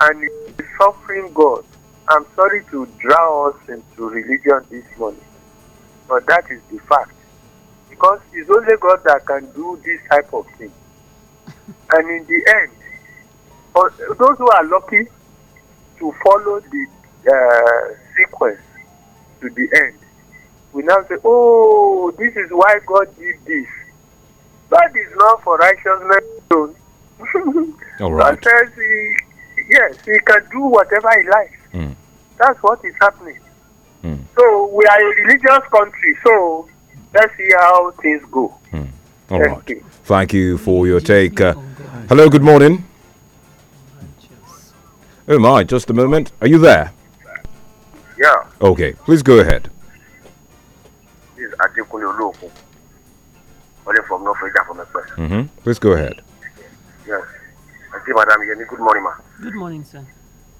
and suffering God. I'm sorry to draw us into religion this morning, but that is the fact. Because it's only God that can do this type of thing. and in the end, for those who are lucky to follow the uh, sequence to the end, we now say, oh, this is why God did this. God is not for righteousness alone. All right. Yes, he can do whatever he likes. Mm. That's what is happening. Mm. So we are a religious country, so let's see how things go. Mm. Thank You. Thank you for your take. Uh, hello, good morning. Oh my, just a moment. Are you there? Yeah. Okay, please go ahead. This Only from from Please go ahead. Yes. I see, Madam Good morning, ma. Good morning, sir.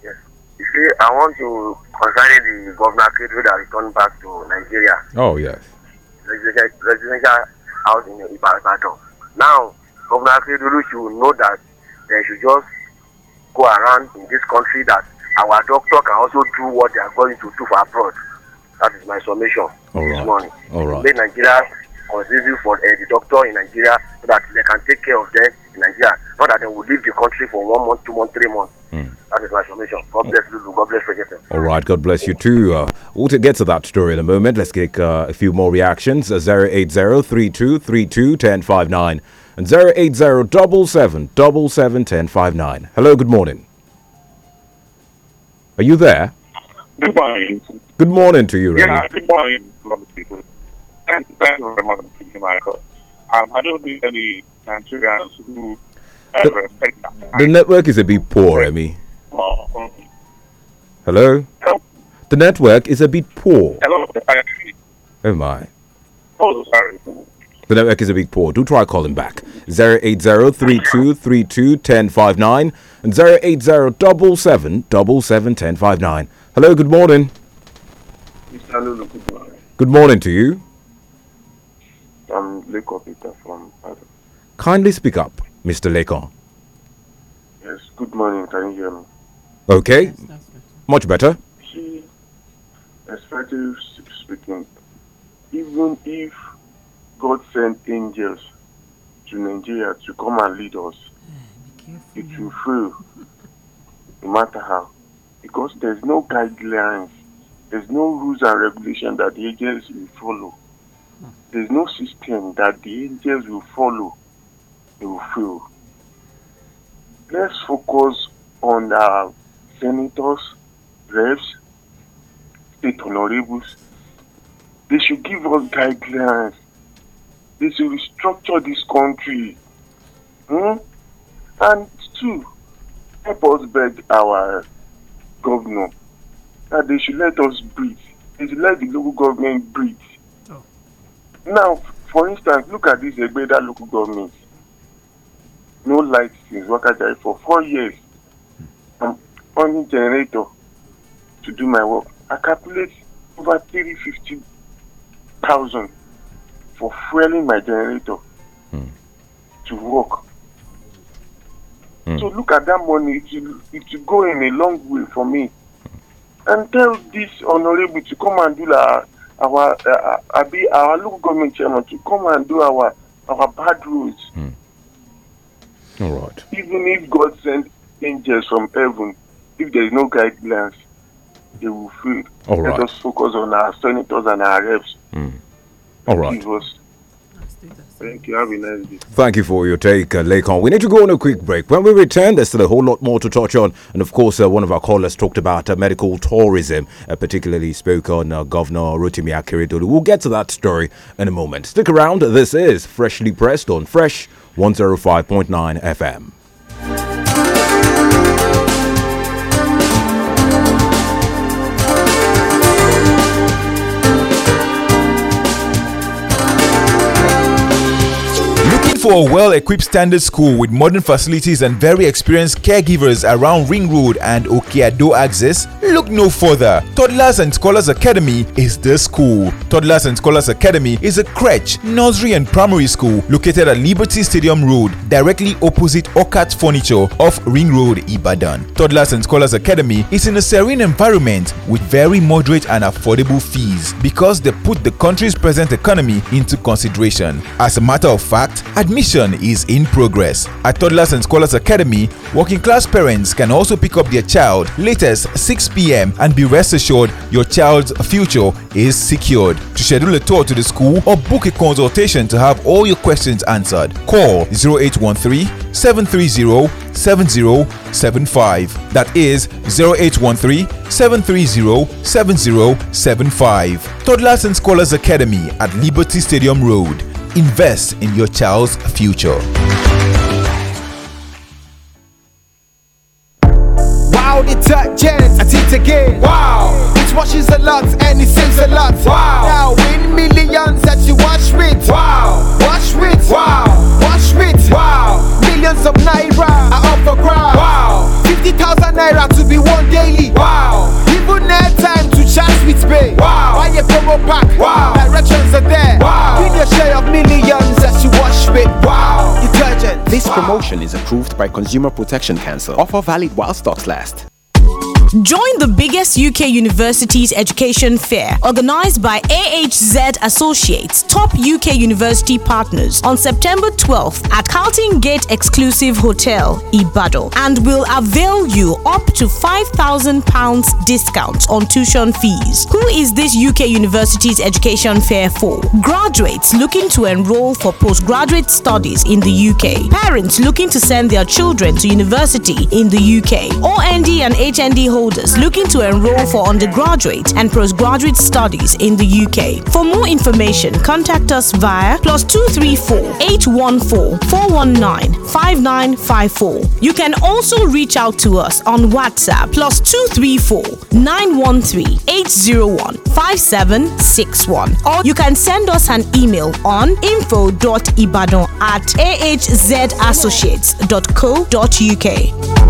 Yes. You see, I want to concern the governor Kedro that returned back to Nigeria. Oh, yes. Residential house in Ibadan. Now, Governor Akeredolu should know that they should just go around in this country that our doctor can also do what they are going to do for abroad. That is my summation All this morning. All right. Make Nigeria conceiving for uh, the doctor in nigeria so that they can take care of them in nigeria not that they will leave the country for one month two months three months mm. That is my summation. God bless you. God bless President. All right. God bless you too. Uh, we'll get to that story in a moment. Let's get uh, a few more reactions. Uh, 80 and 80 777 Hello. Good morning. Are you there? Good morning. Good morning to you, Yeah, good morning, Thank, thank you very much, Michael. Um, I don't think any Nigerians who the, respect that. The network is a bit poor, Emmy. Hello? Hello? The network is a bit poor. Hello? Oh, my. Oh, sorry. The network is a bit poor. Do try calling back. 080-3232-1059 and 080-777-1059. Hello, good morning. Mr. Lulu, good morning. Good morning to you. I'm Leko Peter from Adam. Kindly speak up, Mr. Leko. Yes, good morning. Can you hear me? Okay, Yes, much better. speaking, even if God sent angels to Nigeria to come and lead us, eh, it will fail no matter how. Because there's no guidelines, there's no rules and regulation that the agents will follow. There's no system that the angels will follow, they will fail. Let's focus on our uh, senators, reps, state honorables. They should give us guidelines. They should restructure this country. Hmm? And two, help us beg our governor that they should let us breathe. They should let the local government breathe. Now, for instance, look at this Egbeda local government. No light since Wakajai for four years. I'm on generator to do my work. I calculate over 350,000 for fueling my generator mm. to work. Mm. So look at that money. It will, it will go in a long way for me. And tell this honorable to come and do that. Like our uh, uh be our local government chairman to come and do our our bad rules. Mm. All right. Even if God sent angels from heaven, if there is no guidelines, they will fail. All Let right. us focus on our senators and our reps. Mm. All right. Thank you. Have a nice day. Thank you for your take, uh, Lakon. We need to go on a quick break. When we return, there's still a whole lot more to touch on. And of course, uh, one of our callers talked about uh, medical tourism, uh, particularly spoke on uh, Governor Rotimi Akeredolu. We'll get to that story in a moment. Stick around. This is Freshly Pressed on Fresh 105.9 FM. for a well equipped standard school with modern facilities and very experienced caregivers around Ring Road and Okeado access, look no further. Toddlers and Scholars Academy is the school. Toddlers and Scholars Academy is a crèche, nursery, and primary school located at Liberty Stadium Road, directly opposite Okat Furniture off Ring Road, Ibadan. Toddlers and Scholars Academy is in a serene environment with very moderate and affordable fees because they put the country's present economy into consideration. As a matter of fact, at Admission is in progress. At Toddlers and Scholars Academy, working class parents can also pick up their child latest 6 p.m. and be rest assured your child's future is secured. To schedule a tour to the school or book a consultation to have all your questions answered, call 0813 730 7075. That is 0813 730 7075. Toddlers and Scholars Academy at Liberty Stadium Road. Invest in your child's future. Wow, detergent, I it again. Wow, it washes a lot and it saves a lot. Wow, now win millions that you wash with. Wow, wash with. Wow, wash with. Wow, millions of naira are up for grabs. Wow, 50,000 naira to be won daily. Wow. promo pack. Wow. Directions are there. Wow. Give your share of millions as you wash with. Wow. Detergent. This wow. promotion is approved by Consumer Protection Council. Offer valid while stocks last. Join the biggest UK universities education fair organized by AHZ Associates, top UK university partners, on September 12th at Carlton Gate Exclusive Hotel, Ibado, and will avail you up to £5,000 discount on tuition fees. Who is this UK universities education fair for? Graduates looking to enroll for postgraduate studies in the UK, parents looking to send their children to university in the UK, OND and HND holders looking to enroll for undergraduate and postgraduate studies in the UK. For more information, contact us via plus 234 814 419 5954. You can also reach out to us on WhatsApp plus 234 913 801 5761. Or you can send us an email on info.ibadan at ahzassociates.co.uk.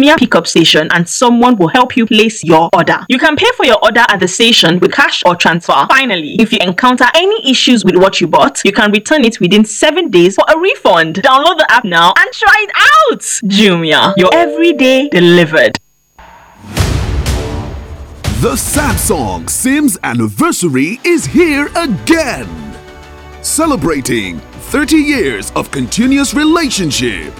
Jumia pickup station and someone will help you place your order. You can pay for your order at the station with cash or transfer. Finally, if you encounter any issues with what you bought, you can return it within 7 days for a refund. Download the app now and try it out. Jumia, your everyday delivered. The Samsung Sims anniversary is here again. Celebrating 30 years of continuous relationship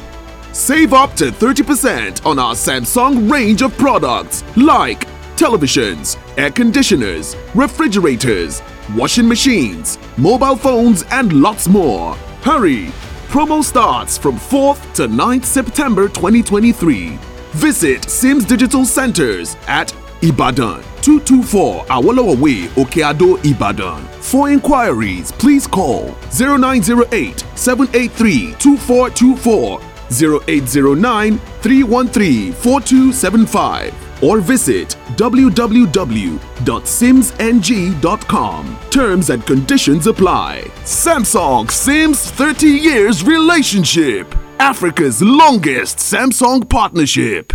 Save up to 30% on our Samsung range of products like televisions, air conditioners, refrigerators, washing machines, mobile phones, and lots more. Hurry! Promo starts from 4th to 9th September 2023. Visit Sims Digital Centers at Ibadan, 224 Awolowo Way, Okeado, Ibadan. For inquiries, please call 0908 783 2424 0809 313 4275 or visit www.simsng.com. Terms and conditions apply. Samsung Sims 30 Years Relationship, Africa's longest Samsung partnership.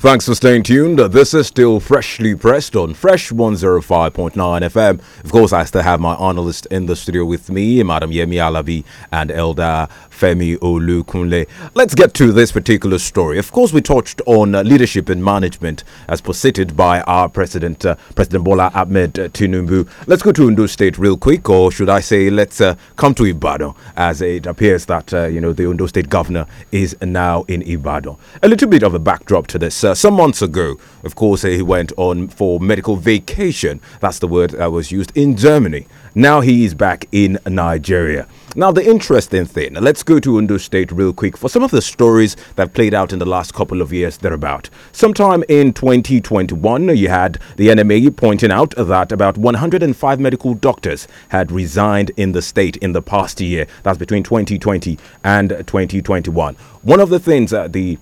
Thanks for staying tuned. This is still freshly pressed on Fresh 105.9 FM. Of course, I still have my analyst in the studio with me, Madam Yemi Alabi and Elder Femi Olukunle. Let's get to this particular story. Of course, we touched on leadership and management as posited by our president, uh, President Bola Ahmed Tinubu. Let's go to Undo State real quick, or should I say, let's uh, come to Ibadan, as it appears that uh, you know the Undo State governor is now in Ibadan. A little bit of a backdrop to this. Uh, uh, some months ago. Of course, he went on for medical vacation. That's the word that was used in Germany. Now he is back in Nigeria. Now, the interesting thing, let's go to Ondo State real quick for some of the stories that played out in the last couple of years thereabout. Sometime in 2021, you had the NMA pointing out that about 105 medical doctors had resigned in the state in the past year. That's between 2020 and 2021. One of the things that the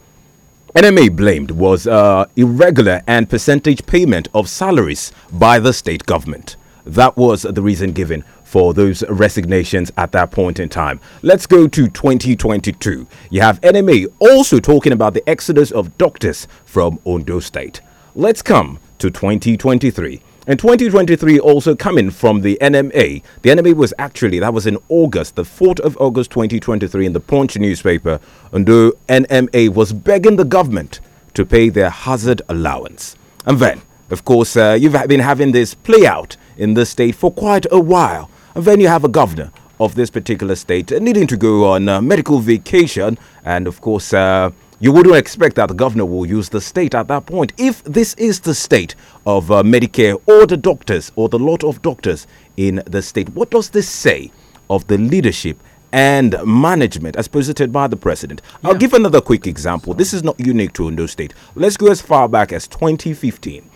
NMA blamed was uh, irregular and percentage payment of salaries by the state government. That was the reason given for those resignations at that point in time. Let's go to 2022. You have NMA also talking about the exodus of doctors from Ondo State. Let's come to 2023. And 2023 also coming from the NMA. The NMA was actually, that was in August, the 4th of August 2023, in the Punch newspaper. And the NMA was begging the government to pay their hazard allowance. And then, of course, uh, you've been having this play out in the state for quite a while. And then you have a governor of this particular state needing to go on uh, medical vacation. And of course, uh, you wouldn't expect that the governor will use the state at that point. If this is the state of uh, Medicare or the doctors or the lot of doctors in the state, what does this say of the leadership and management as posited by the president. Yeah. I'll give another quick example. This is not unique to Ondo State. Let's go as far back as 2015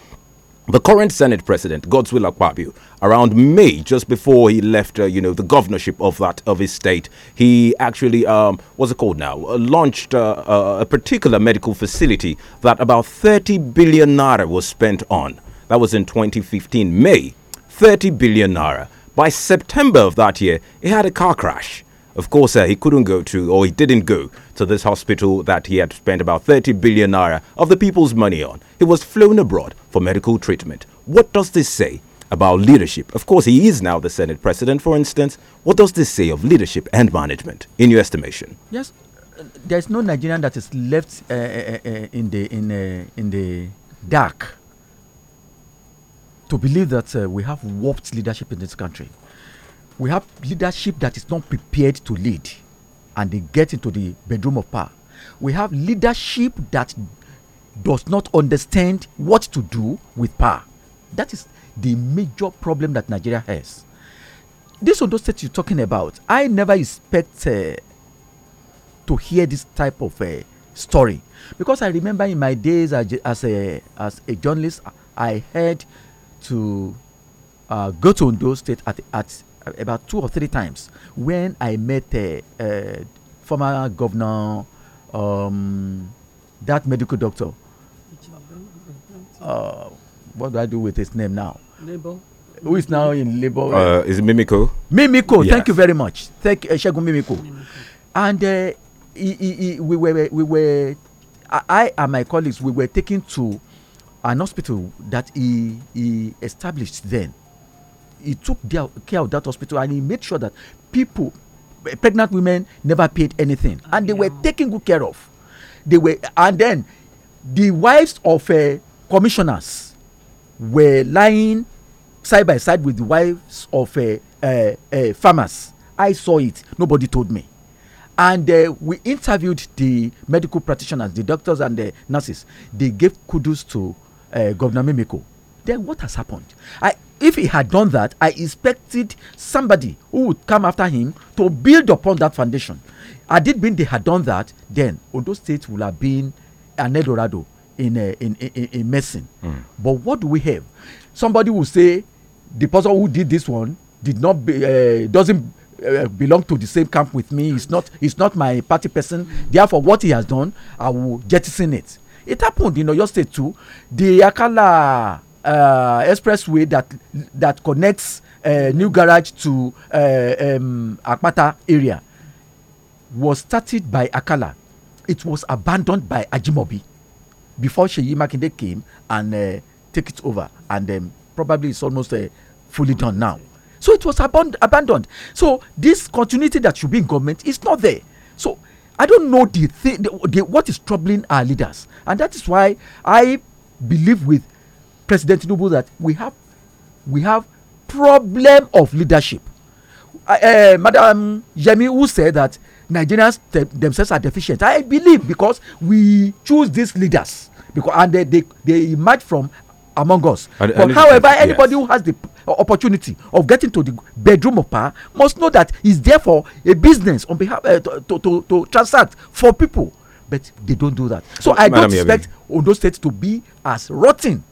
the current Senate President, Godswill Akpabio, around May, just before he left, uh, you know, the governorship of that of his state, he actually, um, what's it called now, uh, launched uh, uh a particular medical facility that about 30 billion naira was spent on. That was in 2015 May, 30 billion naira. By September of that year, he had a car crash of course, uh, he couldn't go to, or he didn't go to this hospital that he had spent about 30 billion naira of the people's money on. He was flown abroad for medical treatment. What does this say about leadership? Of course, he is now the Senate president, for instance. What does this say of leadership and management, in your estimation? Yes, there's no Nigerian that is left uh, uh, uh in the in uh, in the dark to believe that uh, we have warped leadership in this country we have leadership that is not prepared to lead and they get into the bedroom of power. We have leadership that does not understand what to do with power. That is the major problem that Nigeria has. This Ondo State you're talking about, I never expect uh, to hear this type of uh, story because I remember in my days as, as a as a journalist, I had to uh, go to Ondo State at at uh, about two or three times when I met a, uh, uh, former governor, um, that medical doctor. Uh, what do I do with his name now? Labor. Who is now in labor? Uh, is Mimiko? Mimiko, yes. thank you very much. Thank uh, Shagun Mimiko. Mimiko. And uh, he, he, he, we were, we were I, I and my colleagues, we were taken to an hospital that he, he established then he took their, care of that hospital and he made sure that people, pregnant women, never paid anything, oh, and they yeah. were taken good care of. They were, and then the wives of uh, commissioners were lying side by side with the wives of uh, uh, uh farmers. I saw it. Nobody told me. And uh, we interviewed the medical practitioners, the doctors, and the nurses. They gave kudos to uh, Governor Mimiko then what has happened? I, if he had done that, I expected somebody who would come after him to build upon that foundation. Had it been they had done that, then Odo State would have been an Eldorado in a, uh, in in, in Mm. But what do we have? Somebody will say the person who did this one did not be, uh, doesn't uh, belong to the same camp with me. It's not it's not my party person. Therefore, what he has done, I will jettison it. It happened in Oyo State too. The Akala uh, expressway that that connects uh, new garage to uh, um, akpata area was started by akala it was abandoned by ajimobi before sheyi makinde came and uh, take it over and um, probably it's almost uh, fully done now so it was abandoned so this continuity that should be in government is not there so i don't know the thing the, the, what is troubling our leaders and that is why i believe with President Tinubu that we have we have problem of leadership. Uh, uh, Madam Yemi who said that Nigerians th themselves are deficient. I believe because we choose these leaders because and they they, they emerge from among us. but however, anybody yes. who has the uh, opportunity of getting to the bedroom of power must know that it's therefore a business on behalf uh, to, to, to, to transact for people. But they don't do that. So I don't expect Ondo State to be as rotten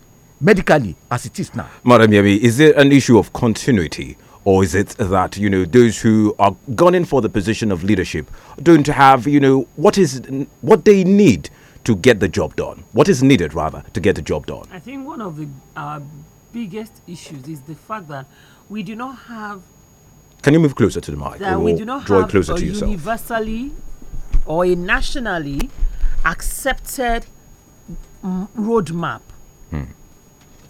medically as it is now. Madam Yemi, is it an issue of continuity? Or is it that, you know, those who are gunning for the position of leadership don't have, you know, what is what they need to get the job done? What is needed, rather, to get the job done? I think one of the, uh, biggest issues is the fact that we do not have. Can you move closer to the mic? That we do not draw have closer to yourself. universally or a nationally accepted mm, roadmap. Hmm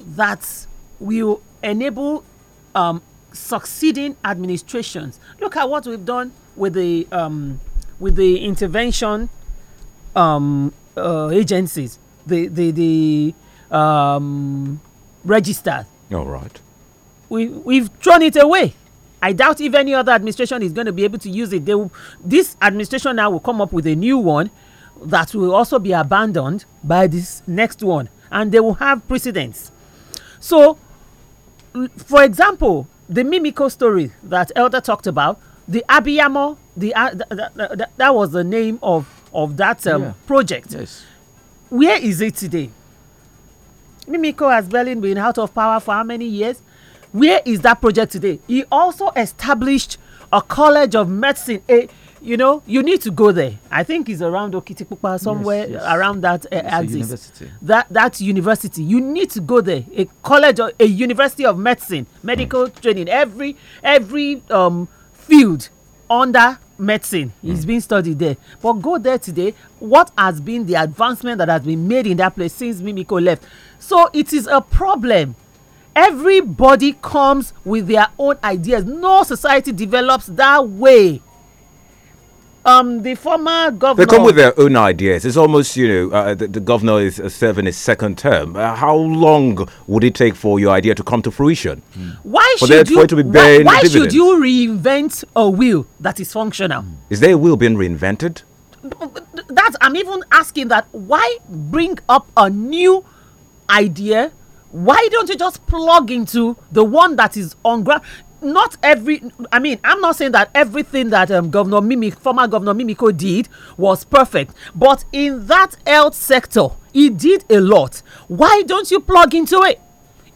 that will enable um, succeeding administrations. Look at what we've done with the um, with the intervention um, uh, agencies, the the the um, register. All right. We we've thrown it away. I doubt if any other administration is going to be able to use it. They will, this administration now will come up with a new one that will also be abandoned by this next one, and they will have precedence. So, for example, the Mimiko story that Elder talked about, the Abiyamo, the, uh, that was the name of, of that um, yeah. project. Yes. Where is it today? Mimiko has Berlin been out of power for how many years? Where is that project today? He also established a college of medicine, a, you know, you need to go there. I think it's around Okitipupa, somewhere yes, yes. around that uh, eh, axis. University. That that university, you need to go there. A college or a university of medicine, medical mm. training. Every every um, field under medicine mm. is being studied there. But go there today. What has been the advancement that has been made in that place since Mimiko left? So it is a problem everybody comes with their own ideas no society develops that way um, the former governor. They come with their own ideas. It's almost, you know, uh, the, the, governor is uh, serving his second term. Uh, how long would it take for your idea to come to fruition? Mm. Why should you? why, why should you reinvent a will that is functional? Is there a will being reinvented? That I'm even asking that. Why bring up a new idea? Why don't you just plug into the one that is on ground? not every i mean i'm not saying that everything that um, governor mimi former governor mimiko did was perfect but in that health sector he did a lot why don't you plug into it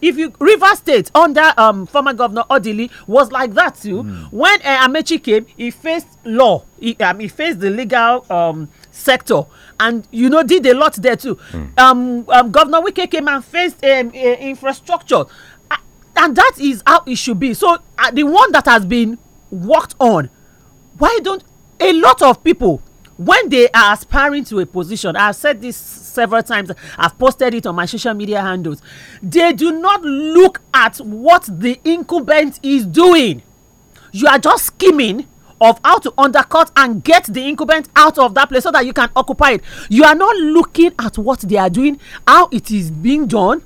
if you river state under um, former governor odili was like that too mm. when uh, amechi came he faced law he, um, he faced the legal um, sector and you know did a lot there too mm. governor wike came and faced um, eh, infrastructure and that is how it should be so uh, the one that has been worked on why don't a lot of people when they are aspiring to a position i've said this several times i've posted it on my social media handles they do not look at what the incumbent is doing you are just scheming of how to undercut and get the incumbent out of that place so that you can occupy it you are not looking at what they are doing how it is being done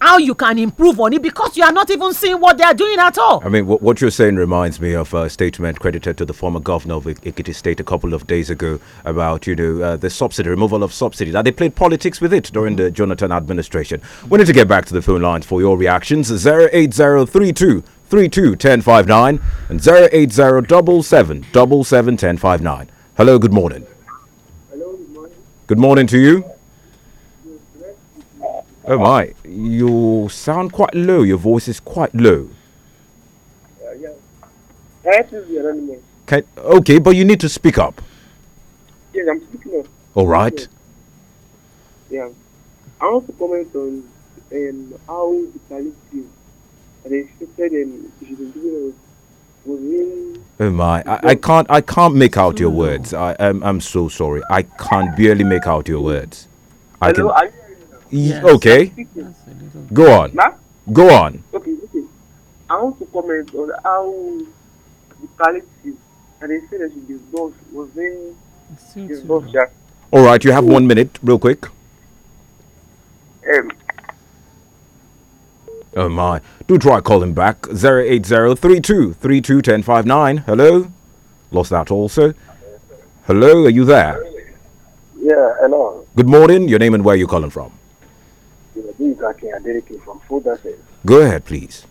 how you can improve on it because you are not even seeing what they are doing at all. I mean, what you're saying reminds me of a uh, statement credited to the former governor of Ikiti State a couple of days ago about, you know, uh, the subsidy, removal of subsidy, that they played politics with it during the Jonathan administration. We need to get back to the phone lines for your reactions. 08032 three two ten five nine and 08077 Hello, good morning. Hello, good morning. Good morning to you. Oh my, you sound quite low. Your voice is quite low. Uh, yeah. That is the anonymous. okay, but you need to speak up. Yes, I'm speaking up. All right. Yeah. I want to comment on um, how Italy team restricted and should Oh my! I, I, can't. I can't make out your words. I am. I'm, I'm so sorry. I can not barely make out your words. I Hello, can. Yes. Okay. Go on. Ma? Go on. Okay, okay. I want to comment on how the palliative and they said that she divorced was then divorced. Yeah. All right, you have one minute, real quick. Um, Oh my. Do try calling back three two ten five nine. Hello? Lost that also. Hello, are you there? Yeah, hello. Good morning. Your name and where you calling from? from Food Assets. Go ahead, please.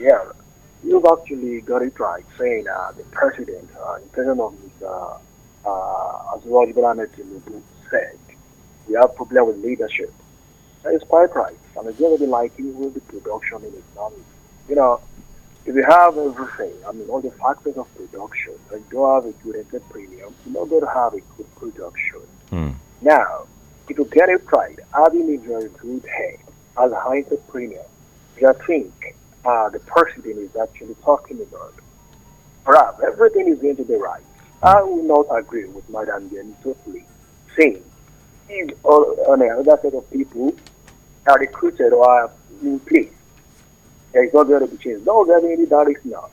Yeah, you've actually got it right, saying uh, the president, uh, in terms of his, uh, uh, Azwaj Gulanet said, we have problem with leadership. That is quite right. And it's going to be like you will be production in economy. You know, if you have everything, I mean, all the factors of production, and you don't have a good premium, you're not going to have a good production. Mm. Now, if you get it right, good head as high entrepreneur, I think uh, the president is actually talking about. Perhaps everything is going to be right. I will not agree with Madame Jenny totally, saying if another set of people are recruited or are in place, there is not going to be change. No, there really that is not.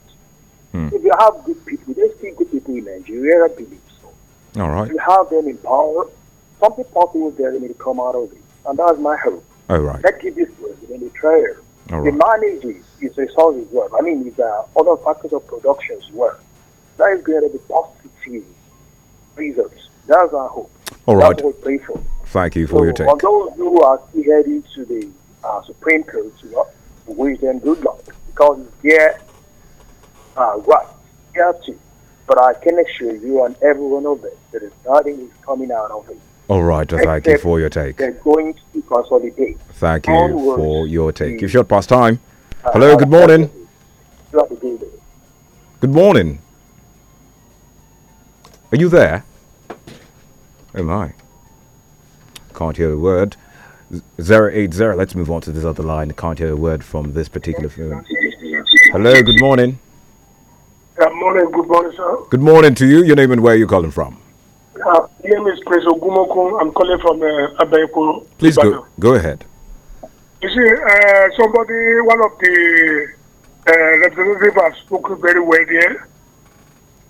Hmm. If you have good people, there's still good people in Nigeria, I believe so. All right. If you have them in power, something possible is there in it come out of it. And that's my hope. All oh, right. Let's keep this in a trial. All the right. is is solid work. I mean, it's uh, other factors of production's work. That is going to be positive results. That's our hope. All right. That's what we pray for. Thank you for so your take. For those who are still heading to the uh, Supreme Court, you know, wish them good luck because they're uh, right. They have to. But I can assure you and everyone of us that nothing is coming out of it. All right, well, thank you for your take. They're going to consolidate. Thank you Onwards for your take. You've shot past time. Uh, Hello, good morning. Good morning. Are you there? Oh my. Can't hear a word. Zero eight zero. Let's move on to this other line. Can't hear a word from this particular phone. Hello. Good morning. Good uh, morning. Good morning, sir. Good morning to you. Your name and where you calling from? Uh, my name is Prince Ogumokun. I'm calling from uh, Abayoko. Please go, go ahead. You see, uh, somebody, one of the uh, representatives has spoken very well there.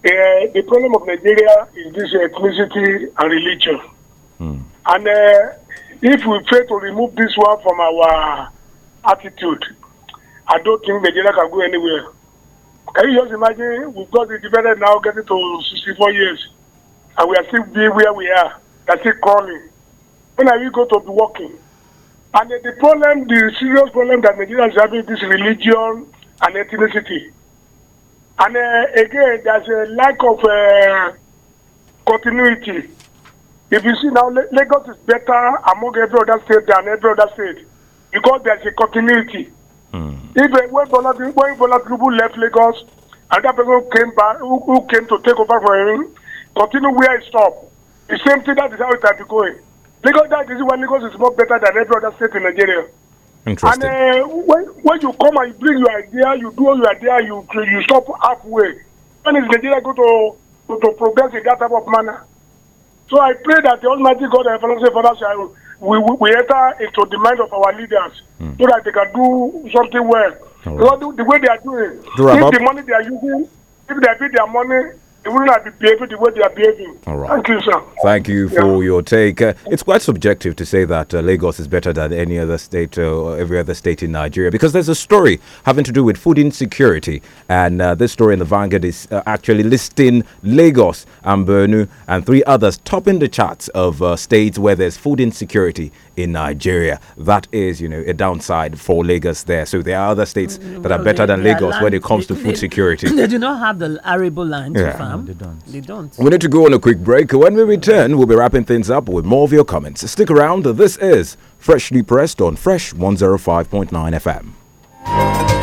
Uh, the problem of Nigeria is this ethnicity and religion. Mm. And uh, if we fail to remove this one from our attitude, I don't think Nigeria can go anywhere. Can you just imagine? We've got the dividend now getting to 64 years and we are still being where we are. They're still crawling. When are you going to be working? And the, the problem, the serious problem that Nigerians is having is religion and ethnicity. And uh, again, there's a lack of uh, continuity. If you see now, Lagos is better among every other state than every other state because there's a continuity. Mm. Even uh, when Bola, when left Lagos, another person came back who, who came to take over for him continue where it stop. The same thing that is how it can been going. Lagos, that is why Lagos is more better than every other state in Nigeria. Interesting. And uh, when, when you come and you bring your idea, you do your idea, you you stop halfway. When is Nigeria going to, to, to progress in that type of manner? So I pray that the Almighty God and Father, Father shall we, we, we enter into the mind of our leaders mm. so that they can do something well. Right. the, the, way they are doing, Durabab. if the money they are using, if they pay their money, it would not be behaving the way they are behaving. All right. Thank you, sir. Thank you for yeah. your take. Uh, it's quite subjective to say that uh, Lagos is better than any other state uh, or every other state in Nigeria because there's a story having to do with food insecurity. And uh, this story in the Vanguard is uh, actually listing Lagos and Bornu and three others topping the charts of uh, states where there's food insecurity in Nigeria. That is, you know, a downside for Lagos there. So there are other states mm, that well, are better they, than Lagos when it comes they, to food they, security. They do not have the arable land yeah. to farm. No, they don't. They don't. We need to go on a quick break. When we return, we'll be wrapping things up with more of your comments. Stick around. This is freshly pressed on Fresh 105.9 FM.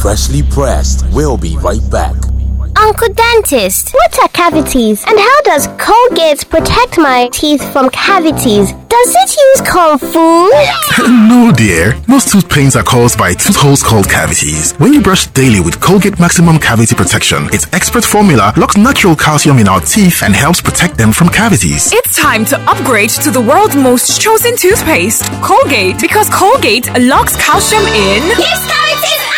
Freshly pressed. We'll be right back. Uncle Dentist, what are cavities? And how does Colgate protect my teeth from cavities? Does it use food? no, dear. Most tooth pains are caused by tooth holes called cavities. When you brush daily with Colgate Maximum Cavity Protection, its expert formula locks natural calcium in our teeth and helps protect them from cavities. It's time to upgrade to the world's most chosen toothpaste, Colgate, because Colgate locks calcium in. Yes, cavities!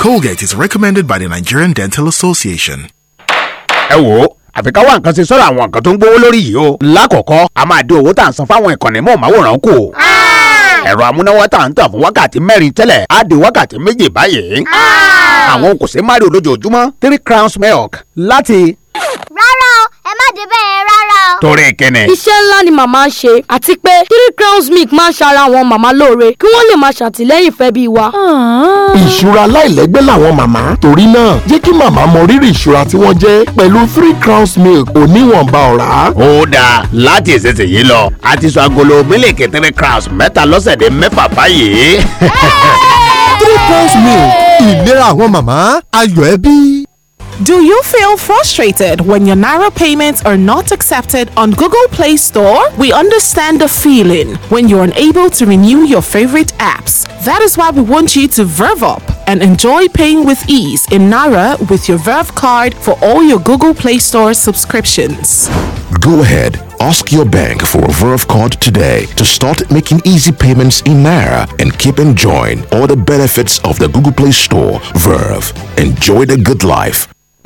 Colgate is recommended by the Nigerian Dental Association. ẹ wò ó àfi ká wá nǹkan ṣe sọ́dọ̀ àwọn nǹkan tó ń gbówó lórí yìí o lákọ̀ọ́kọ́ a máa dín owó tá à ń san fáwọn ìkànnì mọ̀ọ́máwòrán kù ẹ̀rọ amúnáwá tá à ń tàn fún wákàtí mẹ́rin tẹ́lẹ̀ á di wákàtí méje báyìí àwọn kò ṣe é má rí olójoojúmọ́ three crowns milk láti. rárá o ẹ má dé bẹ́ẹ̀ rárá o. torí kíni. iṣẹ́ ńlá ni màmá ń ṣe àti pé three crowns milk máa ń ṣara àwọn màmá lóore kí wọ́n lè máa ṣàtìlẹ́yìn fẹ́ bí wa. Ah. ìṣúra láìlẹ́gbẹ́ làwọn màmá torí náà jẹ́ kí màmá mọ rírì ìṣúra tí wọ́n jẹ́ pẹ̀lú three crowns milk oníwọ̀nba ọ̀rá. ó dáa láti ìsinsìnyí lọ a ti sọ agolo mílíkì three crowns mẹ́ta lọ́sẹ̀ dé mẹ́fà báyìí. three crowns milk ìlera àwọn màmá ayọ̀ ẹbí. Do you feel frustrated when your Naira payments are not accepted on Google Play Store? We understand the feeling when you're unable to renew your favorite apps. That is why we want you to verve up and enjoy paying with ease in Naira with your Verve card for all your Google Play Store subscriptions. Go ahead, ask your bank for a Verve card today to start making easy payments in Naira and keep enjoying all the benefits of the Google Play Store. Verve, enjoy the good life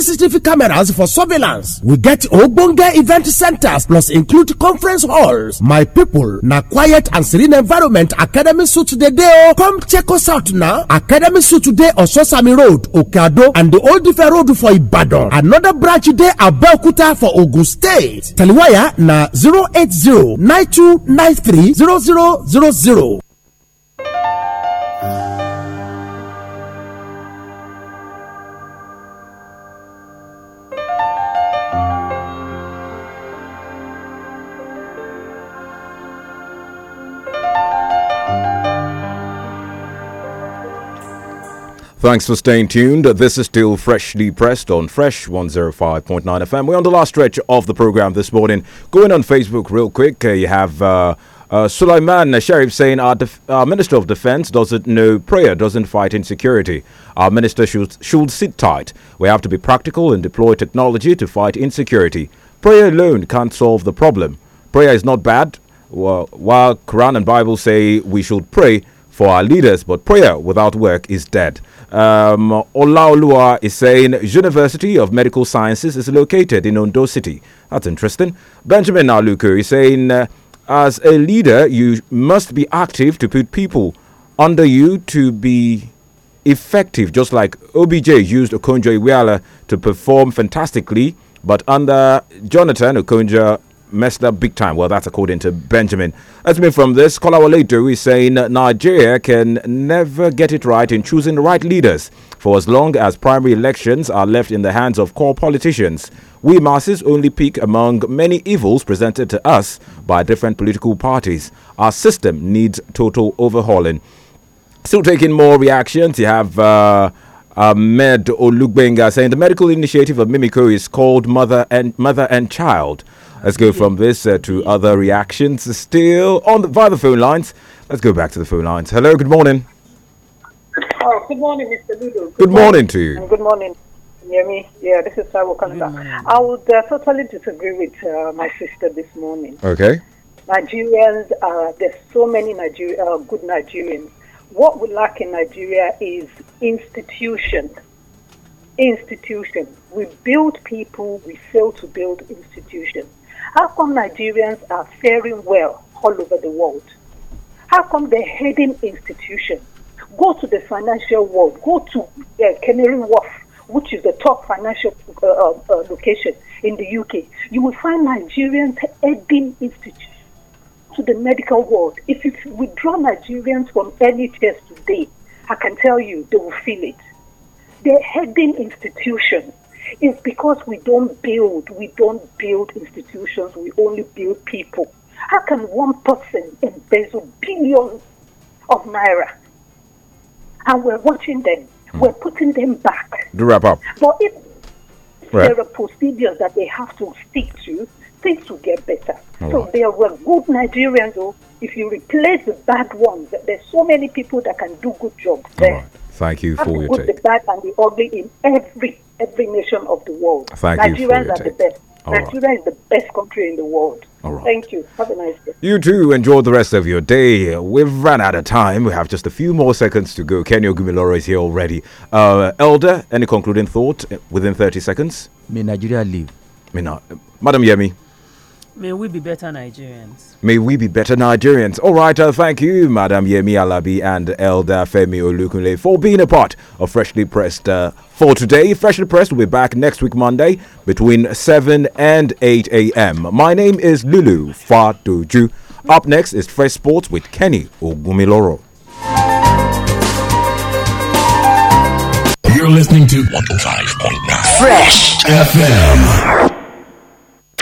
CCTV cameras for surveillance. We get ogbonge event centers plus include conference halls. My people na quiet and serene environment Academy suit dey dey o. Come check us out na. Academy Suite dey Ososami Road, Okeado and the Old Ife Road for Ibadan. Another branch dey Abeokuta for Ogun State. Telewire na zero zero zero eight nine nine two three zero zero zero. Thanks for staying tuned. This is still freshly pressed on Fresh 105.9 FM. We're on the last stretch of the program this morning. Going on Facebook real quick, uh, you have uh, uh, Sulaiman Sharif saying our, our, Minister of Defense doesn't know prayer doesn't fight insecurity. Our minister should, should sit tight. We have to be practical and deploy technology to fight insecurity. Prayer alone can't solve the problem. Prayer is not bad. Well, while Quran and Bible say we should pray, for our leaders, but prayer without work is dead. Um, Olaolua is saying University of Medical Sciences is located in Ondo City. That's interesting. Benjamin Aluku is saying, uh, as a leader, you must be active to put people under you to be effective, just like OBJ used Okonjo Iweala to perform fantastically, but under Jonathan Okonjo messed up big time. Well, that's according to Benjamin. Let's move from this. Kolawole Du is saying Nigeria can never get it right in choosing the right leaders. For as long as primary elections are left in the hands of core politicians, we masses only peak among many evils presented to us by different political parties. Our system needs total overhauling. Still taking more reactions. You have. Uh, Ahmed Olugbenga saying the medical initiative of Mimiko is called Mother and Mother and Child. Let's go from this uh, to other reactions still on the, via the phone lines. Let's go back to the phone lines. Hello, good morning. Oh, good morning, Mr. Ludo. Good, good morning, morning, to you. good morning, Yemi. Yeah, this is Sabo Kanda. I would uh, totally disagree with uh, my sister this morning. Okay. Nigerians, uh, there's so many Niger uh, good Nigerians. What we lack in Nigeria is institution. Institution. We build people, we fail to build institution. How come Nigerians are faring well all over the world? How come the heading institutions go to the financial world, go to uh, Canary Wharf, which is the top financial uh, uh, uh location in the UK? You will find Nigerians heading institutions to the medical world. If you withdraw Nigerians from NHS today, I can tell you they will feel it. They're heading institutions is because we don't build, we don't build institutions, we only build people. How can one person embezzle billions of naira? And we're watching them, hmm. we're putting them back. Do wrap up. But if right. there are procedures that they have to stick to, things will get better. Oh. So there were good Nigerians, though. If you replace the bad ones, there's so many people that can do good jobs there. Thank you for your take. The bad and the ugly in every every nation of the world. Thank Nigerians you for your are the best. All Nigeria right. is the best country in the world. All right. Thank you. Have a nice day. You too. Enjoy the rest of your day. We've run out of time. We have just a few more seconds to go. Kenny Ogumiloro is here already. Uh, Elder, any concluding thought within 30 seconds? May Nigeria live. May not. Madam Yemi. May we be better Nigerians. May we be better Nigerians. All right, uh, thank you, Madam Yemi Alabi and Elder Femi Olukunle for being a part of Freshly Pressed uh, for today. Freshly Pressed will be back next week, Monday, between 7 and 8 a.m. My name is Lulu Fatuju. Up next is Fresh Sports with Kenny Ogumiloro. You're listening to 105.9 Fresh FM.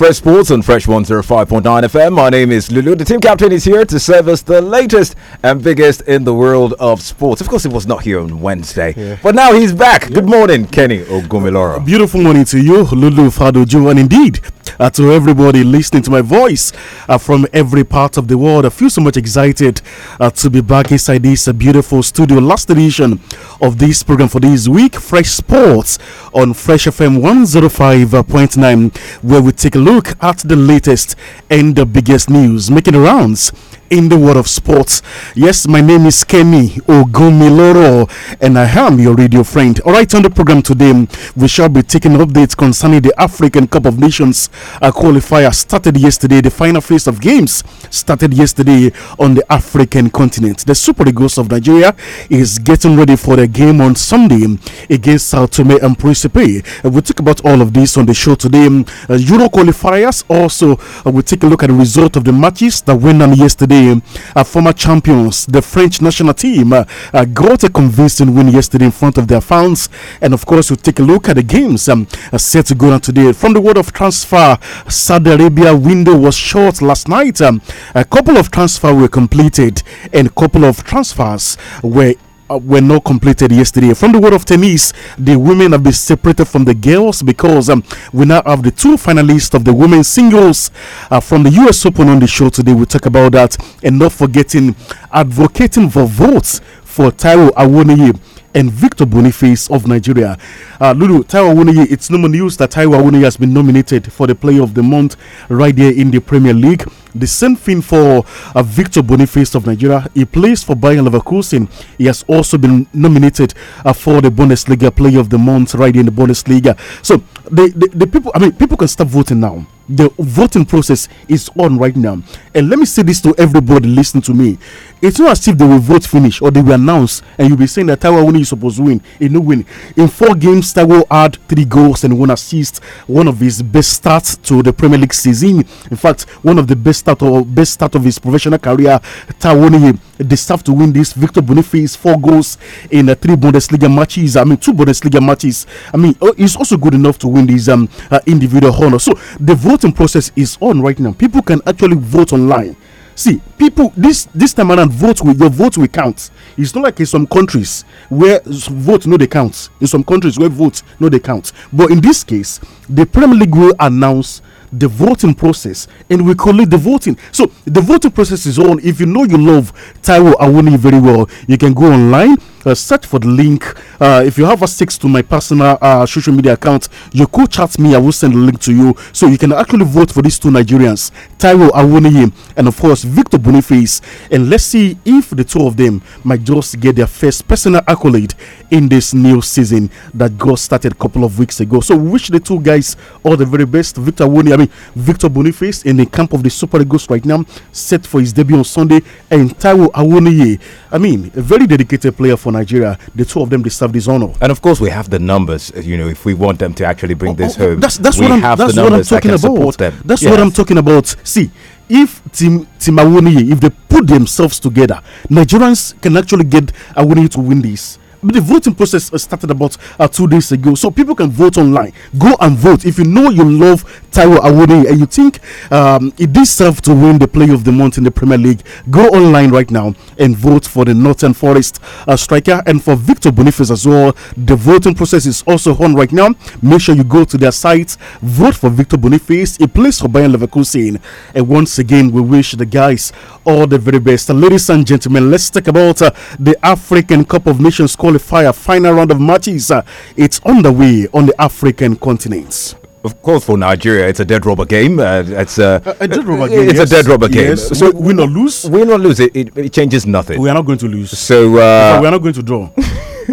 Fresh Sports on Fresh 105.9 FM. My name is Lulu. The team captain is here to serve us the latest and biggest in the world of sports. Of course, he was not here on Wednesday, yeah. but now he's back. Yeah. Good morning, Kenny Ogumiloro. Beautiful morning to you, Lulu Fado and indeed, uh, to everybody listening to my voice uh, from every part of the world. I feel so much excited uh, to be back inside this uh, beautiful studio. Last edition of this program for this week, Fresh Sports on Fresh FM 105.9, where we take a look at the latest and the biggest news making rounds in the world of sports. Yes, my name is Kenny Ogumiloro, and I am your radio friend. All right, on the program today, we shall be taking updates concerning the African Cup of Nations a qualifier started yesterday. The final phase of games started yesterday on the African continent. The Super Eagles of Nigeria is getting ready for the game on Sunday against South Tome and Principe. we'll talk about all of this on the show today. Uh, Euro qualifiers also, uh, we'll take a look at the result of the matches that went on yesterday the uh, former champions, the French national team, uh, uh, got a convincing win yesterday in front of their fans. And of course, we'll take a look at the games um, uh, set to go on today. From the world of transfer, Saudi Arabia window was short last night. Um, a couple of transfers were completed, and a couple of transfers were uh, were not completed yesterday. From the world of tennis, the women have been separated from the girls because um, we now have the two finalists of the women's singles uh, from the US Open on the show today. We'll talk about that and not forgetting advocating for votes for Taiwo Awoniyi and Victor Boniface of Nigeria. Uh, Lulu, it's no news that Taiwo Awuniyi has been nominated for the Player of the Month right there in the Premier League. The same thing for uh, Victor Boniface of Nigeria. He plays for Bayern Leverkusen. He has also been nominated uh, for the Bundesliga Player of the Month right in the Bundesliga. So the, the, the people, I mean, people can start voting now the voting process is on right now. And let me say this to everybody listening to me. It's not as if they will vote finish or they will announce and you'll be saying that Taiwan you supposed to win. A no win. In four games, Tago had three goals and one assist. One of his best starts to the Premier League season. In fact, one of the best start of best start of his professional career. Tawoni deserved to win this. Victor Boniface four goals in uh, three Bundesliga matches. I mean two Bundesliga matches. I mean oh, he's also good enough to win this um uh, individual honor. So the voting process is on right now. People can actually vote online see people this this time around vote will your vote will count it's not like in some countries where vote no they count in some countries where vote no they count but in this case the premier league will announce the voting process and we collect the voting so the voting process is on if you know you love taiwo awuni very well you can go online uh, search for the link. Uh, if you have a six to my personal uh, social media account, you could chat me. I will send the link to you so you can actually vote for these two Nigerians, Taiwo Awoniyi and of course Victor Boniface. And let's see if the two of them might just get their first personal accolade in this new season that got started a couple of weeks ago. So wish the two guys all the very best. Victor Awoniyi, I mean Victor Boniface, in the camp of the Super Eagles right now, set for his debut on Sunday, and Taiwo Awoniyi, I mean a very dedicated player for for Nigeria. The two of them deserve this honor. And of course, we have the numbers. You know, if we want them to actually bring oh, this oh, oh, home, that's, that's what I'm, that's what I'm talking that about. That's yes. what I'm talking about. See, if Tim Timawoni, if they put themselves together, Nigerians can actually get Awoni to win this the voting process uh, started about uh, two days ago, so people can vote online. Go and vote if you know you love Taiwo Awode and you think um, it deserves to win the Player of the Month in the Premier League. Go online right now and vote for the Northern Forest uh, striker and for Victor Boniface as well. The voting process is also on right now. Make sure you go to their site, vote for Victor Boniface. He plays for Bayern Leverkusen, and once again, we wish the guys all the very best. Uh, ladies and gentlemen, let's talk about uh, the African Cup of Nations. Squad qualifier final round of matches. Uh, it's underway on the African continent. Of course, for Nigeria, it's a dead rubber game. Uh, it's a, uh, a, a, dead rubber game. It's yes. a dead rubber game. Yes. So win or lose, win or lose, it, it, it, changes nothing. We are not going to lose. So uh, we are not going to draw.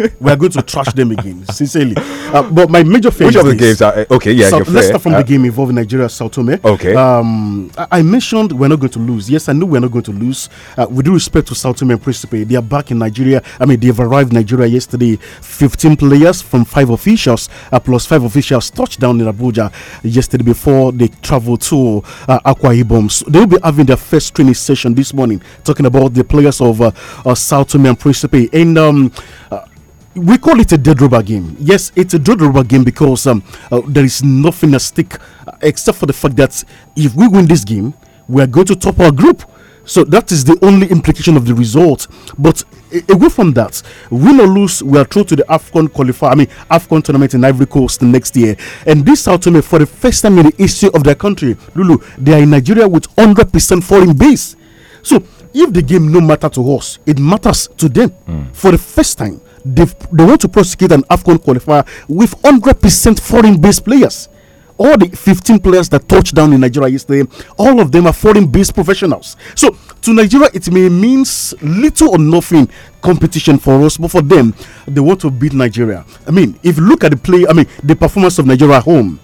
we are going to trash them again, sincerely. Uh, but my major fear Which of the games are eh, okay? Yeah, South, let's start from uh, the game involving Nigeria Sao Tome. Okay. Um, I, I, mentioned we're not going to lose. Yes, I know we're not going to lose. Uh, with due respect to Sao Tome and Principe, they are back in Nigeria. I mean, they've arrived Nigeria yesterday. 15 players from five officials uh, plus five officials touched down in Abuja yesterday before they travel to uh, Aqua Ibom. So they'll be having their first training session this morning, talking about the players of uh, uh, Sao Tome and Principe. And um, uh, we call it a dead rubber game. Yes, it's a dead rubber game because um, uh, there is nothing at stake uh, except for the fact that if we win this game, we are going to top our group. So that is the only implication of the result. But away from that, win or lose, we are through to the AFCON qualifier, I mean, AFCON tournament in Ivory Coast next year. And this Sao Tome, for the first time in the history of their country, Lulu, they are in Nigeria with 100% foreign base. So if the game no matter to us, it matters to them mm. for the first time they, want to prosecute an Afghan qualifier with 100% foreign based players. All the 15 players that touched down in Nigeria yesterday, all of them are foreign based professionals. So to Nigeria, it may means little or nothing competition for us, but for them, they want to beat Nigeria. I mean, if you look at the play, I mean, the performance of Nigeria at home,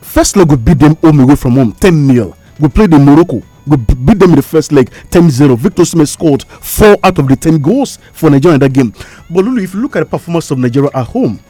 first leg we beat them home away from home 10 0. We played in Morocco we beat them in the first leg 10 0. Victor Smith scored four out of the 10 goals for Nigeria in that game. But Lulu, if you look at the performance of Nigeria at home,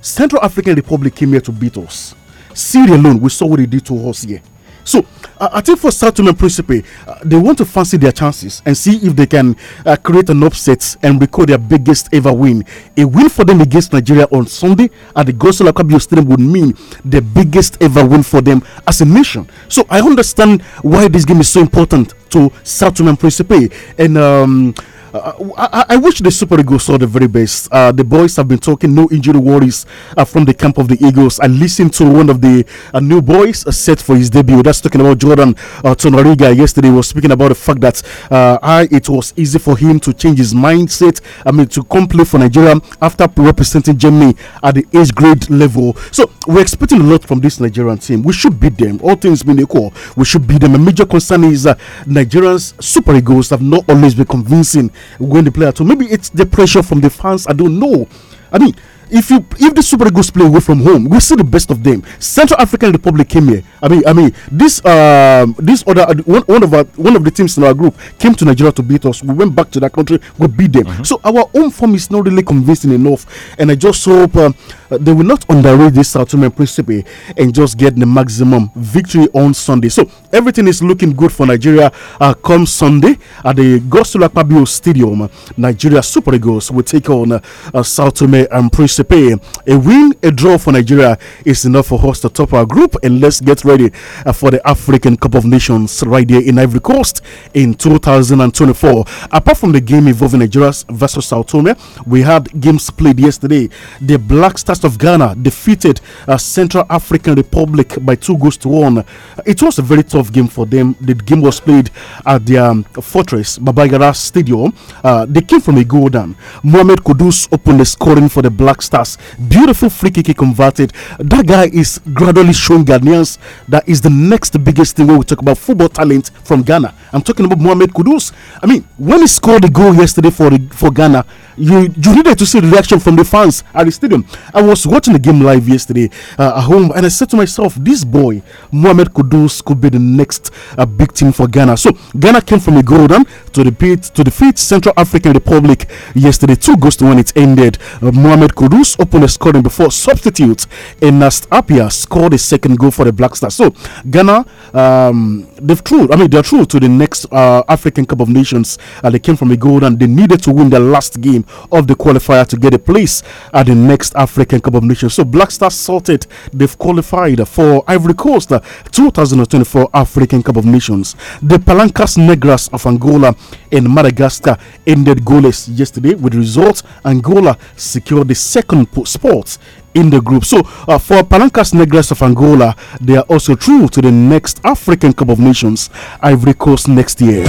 Central African Republic came here to beat us. Syria alone, we saw what they did to us here. So uh, I think for Saltum and Principe, uh, they want to fancy their chances and see if they can uh, create an upset and record their biggest ever win. A win for them against Nigeria on Sunday at the Gosala Kabio Stadium would mean the biggest ever win for them as a nation. So I understand why this game is so important to Saltum and Principe. And um, I, I, wish the Super Eagles saw the very best. Uh, the boys have been talking no injury worries uh, from the camp of the Eagles. I listened to one of the uh, new boys uh, set for his debut. That's talking about Jordan uh, Tonariga. Yesterday was speaking about the fact that uh, I, it was easy for him to change his mindset. I mean, to come play for Nigeria after representing Germany at the age grade level. So we're expecting a lot from this Nigerian team. We should beat them. All things being equal, we should beat them. A major concern is Nigerians Super Eagles have not always been convincing going to play at Maybe it's the pressure from the fans. I don't know. I mean, if you if the Super Eagles play away from home, we see the best of them. Central African Republic came here. I mean, I mean, this um this other one, one of our one of the teams in our group came to Nigeria to beat us. We went back to that country, we beat them. Mm -hmm. So our own form is not really convincing enough, and I just hope um, uh, they will not underrate this settlement principle and just get the maximum victory on Sunday. So everything is looking good for Nigeria. Uh, come Sunday at the Gosula Pabio Stadium, Nigeria Super Eagles will take on uh, uh, South Tome and Prince. A win, a draw for Nigeria is enough for us to top our group, and let's get ready uh, for the African Cup of Nations right here in Ivory Coast in 2024. Apart from the game involving Nigeria versus Sao Tome, we had games played yesterday. The Black Stars of Ghana defeated uh, Central African Republic by two goals to one. It was a very tough game for them. The game was played at the um, Fortress Babagara Stadium. Uh, they came from a goal down. Mohamed Kudus opened the scoring for the Black Stars. Beautiful free kick he converted. That guy is gradually showing Ghanaians that is the next biggest thing when we talk about football talent from Ghana. I'm talking about Mohamed Kudus. I mean, when he scored the goal yesterday for the, for Ghana, you you needed to see the reaction from the fans at the stadium. I was watching the game live yesterday uh, at home, and I said to myself, "This boy, Mohamed Kudus, could be the next uh, big team for Ghana." So Ghana came from a goal down to the to defeat Central African Republic yesterday, two goals to one. It ended. Uh, Mohamed Kudus Bruce scoring before substitute Ernest Apia scored his second goal for the Black Stars. So Ghana, um, they've true. I mean, they're true to the next uh, African Cup of Nations. Uh, they came from a goal and they needed to win the last game of the qualifier to get a place at the next African Cup of Nations. So Black Stars sorted. They've qualified for Ivory Coast the uh, 2024 African Cup of Nations. The Palancas Negras of Angola and Madagascar ended goalless yesterday with the result. Angola secured the second second spot in the group. So uh, for Palancas Negras of Angola, they are also through to the next African Cup of Nations, Ivory Coast next year.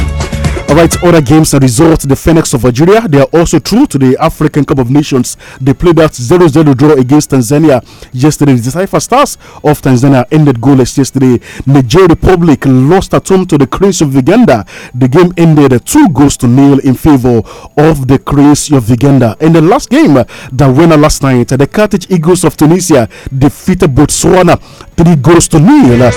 All right, other games and results. The Phoenix of Algeria, they are also through to the African Cup of Nations. They played that 0 0 draw against Tanzania yesterday. The Cypher Stars of Tanzania ended goalless yesterday. Niger Republic lost at home to the Cranes of Uganda. The game ended 2 goals to nil in favor of the Cranes of Uganda. In the last game that winner last night, the Carthage Eagles of Tunisia defeated Botswana 3 goals to nil.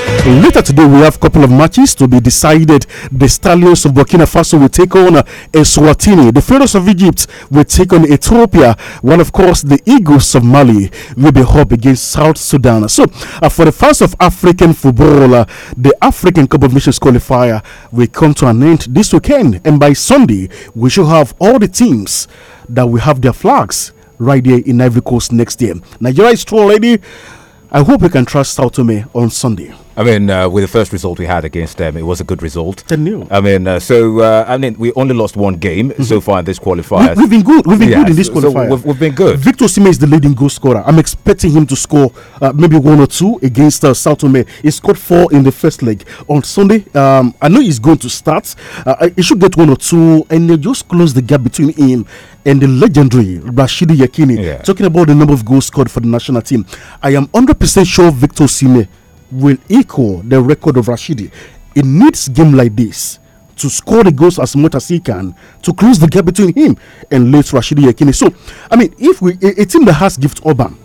Later today, we have a couple of matches to be decided. The Stallions of Burkina Faso Faso will take on uh, Eswatini. The Pharaohs of Egypt will take on Ethiopia, while, of course, the Eagles of Mali will be up against South Sudan. So, uh, for the fans of African football, uh, the African Cup of Nations qualifier will come to an end this weekend. And by Sunday, we should have all the teams that will have their flags right there in Ivory Coast next year. Nigeria is true lady. I hope we can trust South me on Sunday. I mean, uh, with the first result we had against them, it was a good result. Ten nil. I mean, uh, so uh, I mean, we only lost one game mm -hmm. so far in this qualifier. We, have been good. We've been yeah, good in this so qualifier. We've, we've, been good. Victor Sima is the leading goal scorer. I'm expecting him to score uh, maybe one or two against uh, Sao Tome. He scored four in the first leg on Sunday. Um, I know he's going to start. Uh, he should get one or two, and they just close the gap between him and the legendary Rashidi Yakini. Yeah. Talking about the number of goals scored for the national team, I am 100% sure Victor Sima will equal the record of Rashidi. It needs game like this to score the goals as much as he can to close the gap between him and late Rashidi Yekini. So, I mean, if we a, a team that has Gift Urban,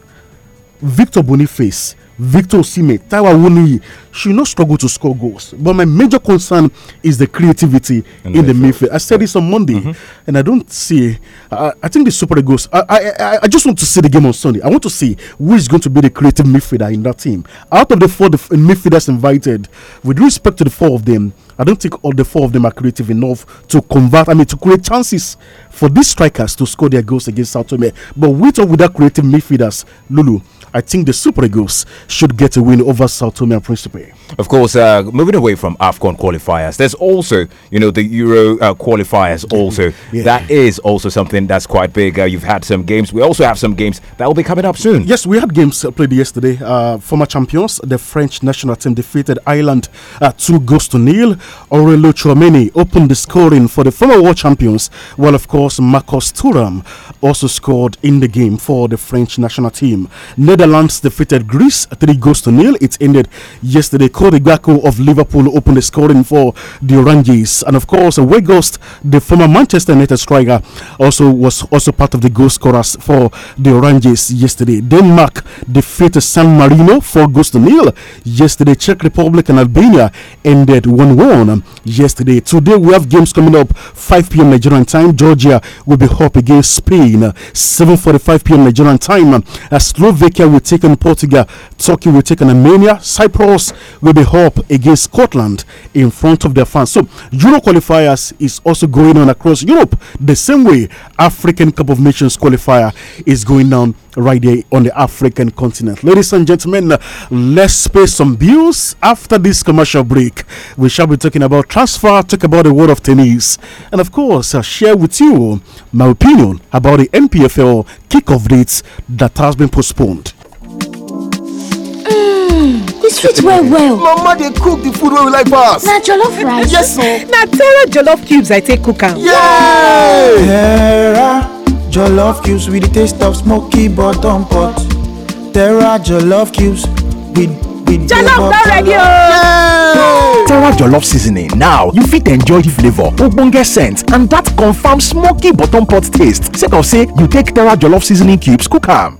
Victor Boniface, Victor Osime, Taiwa Wuniyi should not struggle to score goals. But my major concern is the creativity in the midfield. I said this on Monday, mm -hmm. and I don't see. I, I think the Super goals. I, I I just want to see the game on Sunday. I want to see who is going to be the creative midfielder in that team. Out of the four the midfielders invited, with respect to the four of them, I don't think all the four of them are creative enough to convert, I mean, to create chances for these strikers to score their goals against South Tome. But with or without creative midfielders, Lulu, I think the Super Eagles should get a win over Sao Tome and Principe. Of course, uh, moving away from AFCON qualifiers, there's also, you know, the Euro uh, qualifiers also. Yeah. That is also something that's quite big. Uh, you've had some games. We also have some games that will be coming up soon. Yes, we had games uh, played yesterday. Uh, former champions, the French national team defeated Ireland uh, two goals to nil. Aurelio Chouameni opened the scoring for the former world champions, while, of course, Marcos Turam also scored in the game for the French national team. Neither Netherlands defeated Greece three goals to nil. It ended yesterday. Cody Gakpo of Liverpool opened the scoring for the Oranges, and of course, Weghorst, the former Manchester United striker, also was also part of the goal scorers for the Oranges yesterday. Denmark defeated San Marino four goals to nil yesterday. Czech Republic and Albania ended one-one yesterday. Today we have games coming up 5 p.m. Nigerian time. Georgia will be up against Spain. 7:45 p.m. Nigerian time. Uh, Slovakia will take on Portugal, Turkey will take on Armenia, Cyprus will be up against Scotland in front of their fans. So, Euro qualifiers is also going on across Europe the same way African Cup of Nations qualifier is going down right there on the African continent. Ladies and gentlemen, let's pay some bills after this commercial break. We shall be talking about transfer, talk about the world of tennis, and of course, I'll share with you my opinion about the NPFL kickoff dates that has been postponed. Mmm, e sweet well well. Mama dey cook the food wey we like pass. Na jollof rice? Yes o. Na Terra jollof cubes I take cook am. Yay! Terra jollof cubes with the taste of smoky bottom pot. Terra jollof cubes with jollof don ready ooo. terra jollof seasoning now you fit enjoy the flavor, ogbonge scent and that confirms smoky bottom pot taste sake of say you take terra jollof seasoning cubes cook am.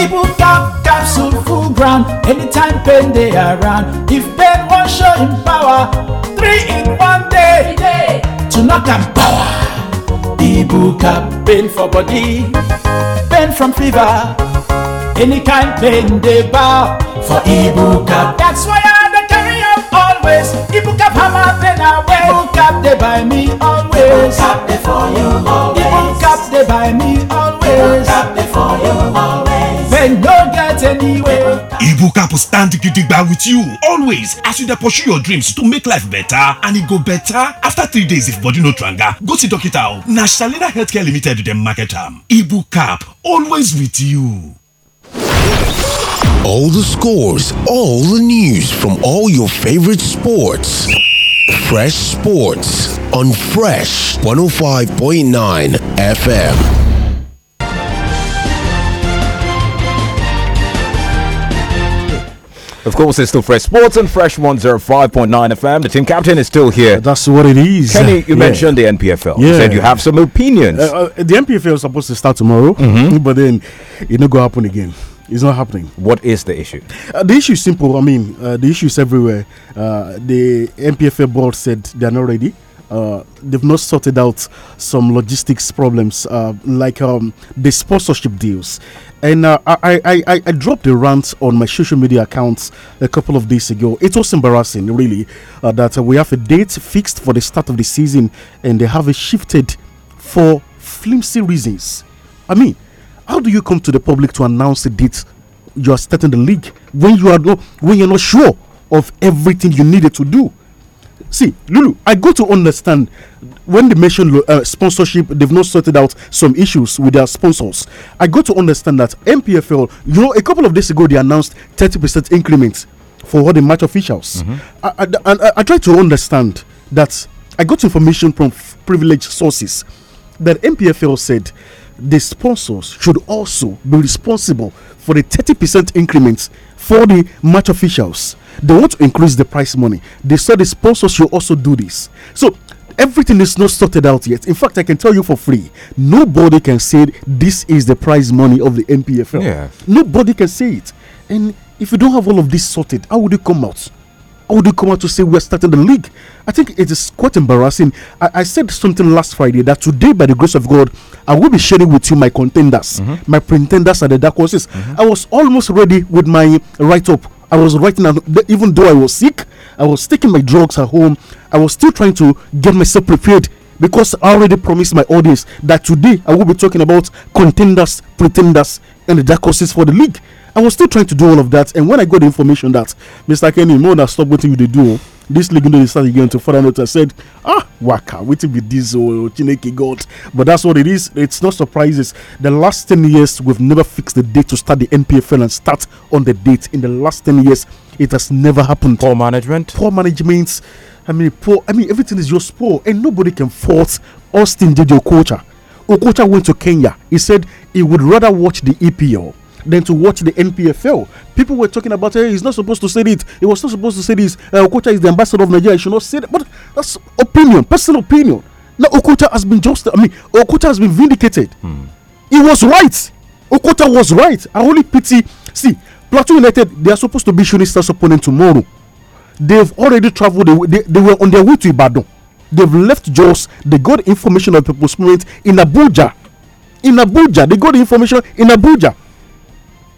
people tap capsule full ground anytime pain they around if pain wan show im power three in one day to knock down. power ibucap pain for body pain from fever any kind pain they bow for ibucap that's why i dey carry am always ibucap hammer pain away ibucap dey buy me always ibucap dey for you always ibucap dey buy me always ibucap dey for you always. and no get anywhere. Ibuka will stand gidigba with you always as you dey pursue your dreams to make life better and e go better. After three days if body no tranga, go see dokita o. Na Shalina Healthcare Limited dem market am. Ibuka always with you. All the scores, all the news from all your favorite sports. Fresh Sports on Fresh 105.9 FM. Of course, it's still Fresh Sports and Fresh 105.9 FM. The team captain is still here. That's what it is. Kenny, you yeah. mentioned the NPFL. Yeah. You said you have some opinions. Uh, uh, the NPFL is supposed to start tomorrow, mm -hmm. but then it not going to happen again. It's not happening. What is the issue? Uh, the issue is simple. I mean, uh, the issue is everywhere. Uh, the NPFL board said they are not ready. Uh, they've not sorted out some logistics problems uh, like um, the sponsorship deals and uh, I, I, I, I, dropped a rant on my social media accounts a couple of days ago. It was embarrassing, really, uh, that uh, we have a date fixed for the start of the season and they have it shifted for flimsy reasons. I mean, how do you come to the public to announce a date you are starting the league when you are no, when you're not sure of everything you needed to do? See, Lulu, I got to understand when they mentioned uh, sponsorship, they've not sorted out some issues with their sponsors. I got to understand that MPFL, you know, a couple of days ago they announced 30% increment for all the match officials. Mm -hmm. I, I, I, I tried to understand that I got information from privileged sources that MPFL said the sponsors should also be responsible for the 30% increments for the match officials. They want to increase the price money. They said the sponsors should also do this. So everything is not sorted out yet. In fact, I can tell you for free, nobody can say this is the prize money of the NPFL. Yeah. Nobody can say it. And if you don't have all of this sorted, how would you come out? How would you come out to say we're starting the league? I think it is quite embarrassing. I, I said something last Friday that today, by the grace of God, I will be sharing with you my contenders, mm -hmm. my pretenders and the dark horses. Mm -hmm. I was almost ready with my write up. I was writing, even though I was sick, I was taking my drugs at home. I was still trying to get myself prepared because I already promised my audience that today I will be talking about contenders, pretenders, and the dark horses for the league. I was still trying to do all of that, and when I got the information that Mr. Kenny Mona stopped what you the do. this league didn't again to further note. I said, Ah, waka, waiting with this old oh, Chineke God. But that's what it is. It's no surprises. The last 10 years, we've never fixed the date to start the NPFL and start on the date in the last 10 years. It has never happened. Poor management. Poor management. I mean, poor. I mean, everything is just poor, and nobody can fault Austin Didio Okocha. Okocha went to Kenya. He said he would rather watch the EPL than to watch the NPFL. People were talking about, hey, he's not supposed to say it. He was not supposed to say this. Uh, Okocha is the ambassador of Nigeria. He should not say that. But that's opinion, personal opinion. Now Okocha has been just. I mean, Okocha has been vindicated. Hmm. He was right. Okota was right. I only pity. See, Plateau United, they are supposed to be shooting stars opponent tomorrow. They've already traveled, they, they, they, were on their way to Ibadan. They've left Jos, they got information on the postponement in Abuja. In Abuja, they got information in Abuja.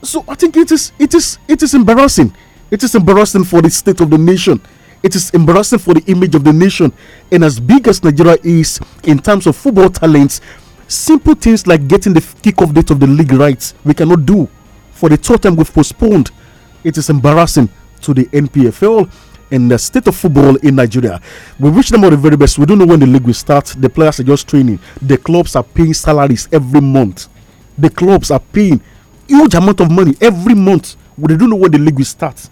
So I think it is it is it is embarrassing. It is embarrassing for the state of the nation. It is embarrassing for the image of the nation. And as big as Nigeria is in terms of football talents, simple things like getting the kickoff date of the league right, we cannot do for the totem we've postponed. It is embarrassing to the NPFL and the state of football in Nigeria. We wish them all the very best. We don't know when the league will start. The players are just training. The clubs are paying salaries every month. The clubs are paying huge amount of money every month. We don't know when the league will start.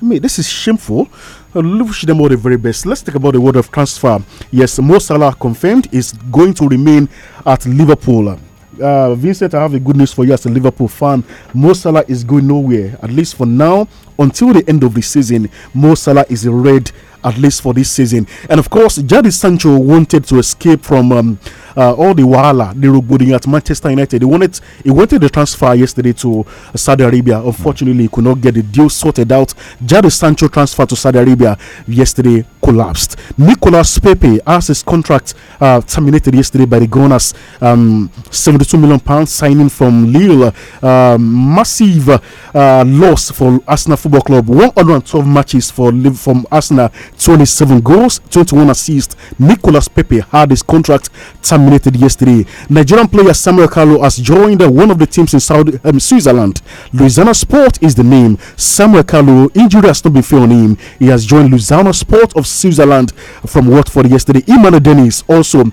I mean, this is shameful. I wish them all the very best. Let's talk about the world of transfer. Yes, Mo Salah confirmed is going to remain at Liverpool uh, Vincent, I have a good news for you as a Liverpool fan. Mo Salah is going nowhere, at least for now, until the end of the season. Mo Salah is a red, at least for this season. And of course, Jadis Sancho wanted to escape from. Um, uh, all the wahala, the Rogodian at Manchester United. They wanted he wanted the transfer yesterday to Saudi Arabia. Unfortunately, he could not get the deal sorted out. Jadon Sancho transfer to Saudi Arabia yesterday collapsed. Nicolas Pepe has his contract uh, terminated yesterday by the Gunners. Um, 72 million pounds signing from Lille. Um, uh, massive loss for Arsenal Football Club. 112 matches for from Arsenal. 27 goals, 21 assists. Nicolas Pepe had his contract terminated yesterday. Nigerian player Samuel Carlo has joined one of the teams in Saudi, um, Switzerland. Louisiana Sport is the name. Samuel Carlo, injury has not been fair on him. He has joined Louisiana Sport of Switzerland from Watford yesterday. Emmanuel Dennis also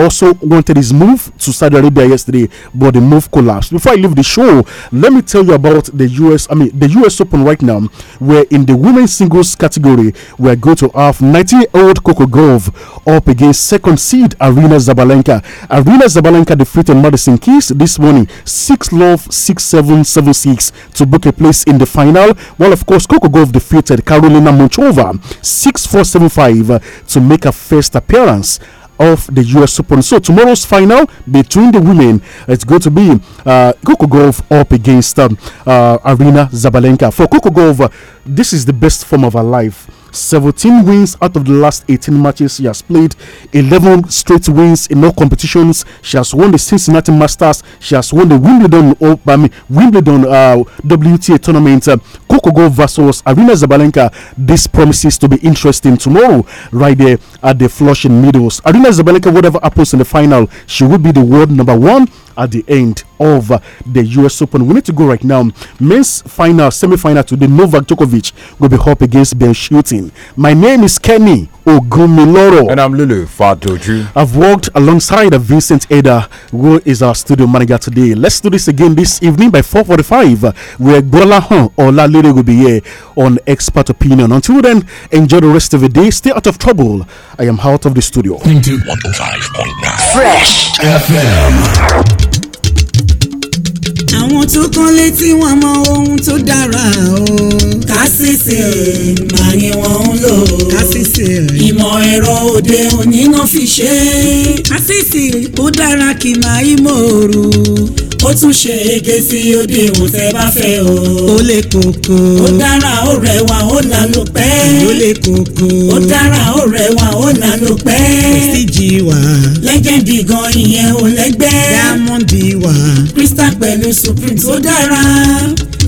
also wanted his move to Saudi Arabia yesterday, but the move collapsed. Before I leave the show, let me tell you about the US, I mean, the US Open right now, where in the women's singles category, we're going to have 19 year old Coco Grove up against second seed Arena Zabalenka. Arena Zabalenka defeated Madison Keys this morning, 6 love, 6 7, 7 6 to book a place in the final. While of course, Coco Grove defeated Carolina Monchova, 6 4 7 5 to make her first appearance of the US Open. So tomorrow's final between the women, it's going to be uh, Kukugov up against um, uh, Arena Zabalenka. For Coco uh, this is the best form of her life. 17 wins out of the last 18 matches she has played 11 straight wins in all competitions she has won the cincinnati masters she has won the wimbledon oh, I mean, wimbledon uh, wta tournament uh, Kokogo versus Arena Zabalenka. This promises to be interesting tomorrow, right there at the Flushing Meadows. Arena Zabalenka, whatever happens in the final, she will be the world number one at the end of the US Open. We need to go right now. Men's final, semi final today, Novak Djokovic will be up against Ben Shooting. My name is Kenny Ogumiloro. And I'm Lulu Fatoju. I've worked alongside Vincent Ada, who is our studio manager today. Let's do this again this evening by 4.45, where Gola Hon or La Lulu will be here on Expert Opinion. Until then, enjoy the rest of the day. Stay out of trouble. I am out of the studio. Into 105.9 Fresh FM. àwọn tó kán létí wọn mọ ohun tó dára o. kásìsì mà ni wọ́n ń lò. kásìsì ìmọ̀ ẹ̀rọ òde òní náà fi ṣe. kásìsì ó dára kì máa í mòrú ó tún ṣe ege sí òde ìwọ̀n tẹ́ bá fẹ́ o. ó lè kókó. ó dára ó rẹwà ó là ló pẹ́. ó lè kókó. ó dára ó rẹwà ó là ló pẹ́. síjì wá. lẹ́gẹ̀dì gan ìyẹn ò lẹ́gbẹ́. dáàmọ́ndì wá. crystal pẹ̀lú sùn footprint tó dára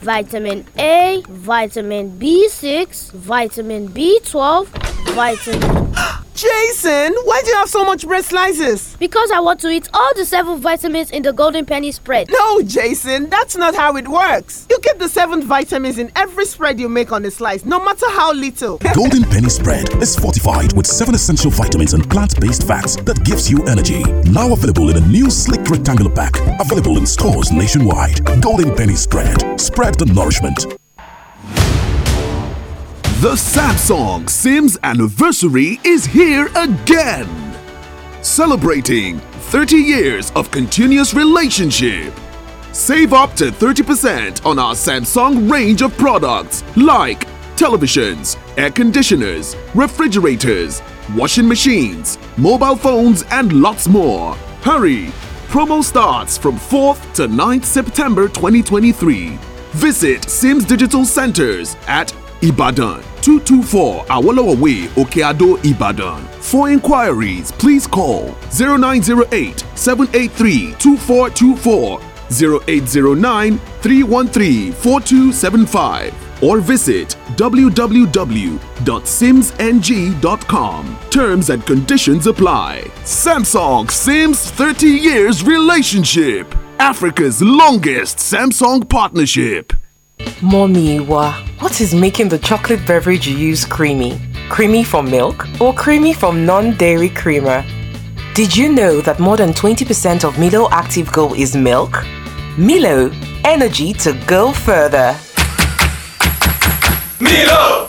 vitamin A, vitamin B6, vitamin B12, vitamin. Jason, why do you have so much bread slices? Because I want to eat all the seven vitamins in the golden penny spread. No, Jason, that's not how it works. You get the seven vitamins in every spread you make on a slice, no matter how little. golden penny spread is fortified with seven essential vitamins and plant-based fats that gives you energy. Now available in a new sleek rectangular pack, available in stores nationwide. Golden penny spread. Spread the nourishment. The Samsung Sims anniversary is here again. Celebrating 30 years of continuous relationship. Save up to 30% on our Samsung range of products like televisions, air conditioners, refrigerators, washing machines, mobile phones, and lots more. Hurry! Promo starts from 4th to 9th September 2023. Visit Sims Digital Centers at Ibadan. 224 Awolowo Way, Okeado, Ibadan. For inquiries, please call 0908 783 2424, 0809 313 4275, or visit www.simsng.com. Terms and conditions apply. Samsung Sims 30 Years Relationship, Africa's longest Samsung partnership. Mommy, what is making the chocolate beverage you use creamy? Creamy from milk or creamy from non dairy creamer? Did you know that more than 20% of Milo Active Go is milk? Milo, energy to go further. Milo!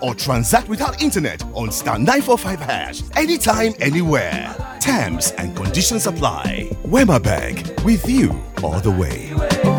or transact without internet on star 945 hash anytime, anywhere. Terms and conditions apply. Wemma Bank with you all the way.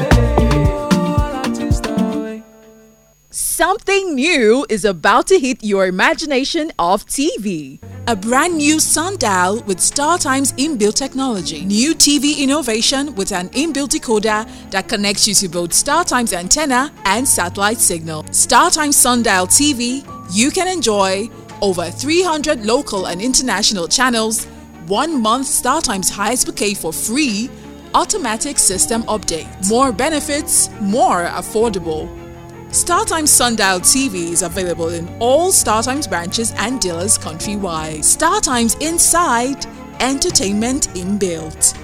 Something new is about to hit your imagination of TV. A brand new sundial with StarTime's inbuilt technology. New TV innovation with an inbuilt decoder that connects you to both StarTime's antenna and satellite signal. StarTime Sundial TV, you can enjoy over 300 local and international channels, one month StarTime's highest bouquet for free, automatic system update. More benefits, more affordable. StarTimes Sundial TV is available in all StarTimes branches and dealers countrywide. StarTimes Inside, entertainment inbuilt.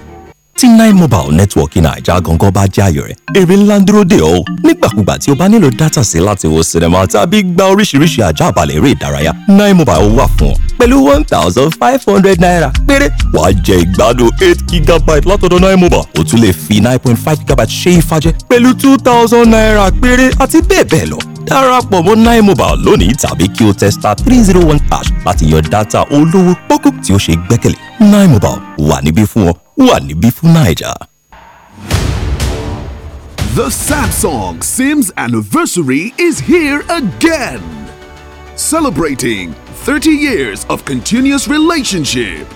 tí nine mobile network naija gangan bá jẹ́ ayọ̀ rẹ̀ èrè ńlá ń dúró dè ọ́ o nígbàkúgbà tí o bá nílò dátà sí láti wo sinimá tàbí gba oríṣiríṣi àjààbálẹ̀ eré ìdárayá nine mobile wà fún ọ pẹ̀lú one thousand five hundred naira péré wàá jẹ ìgbádùn eight gigabyte látọ̀dọ̀ nine mobile o tún lè fi nine point five gigabyte ṣe ìfàjẹ pẹ̀lú two thousand naira péré àti bẹ́ẹ̀ bẹ́ẹ̀ lọ darapọ̀ mọ́ nine mobile lónìí tàbí kí o tẹ three zero one hash láti yọ dátà olówó pọ́kú tí o ṣe gbẹ́kẹ̀lé nine mobile wà níbí fún ọ waharibifu Niger. The Samsung Sims anniversary is here again. Celebrating 30 years of continuous relationship.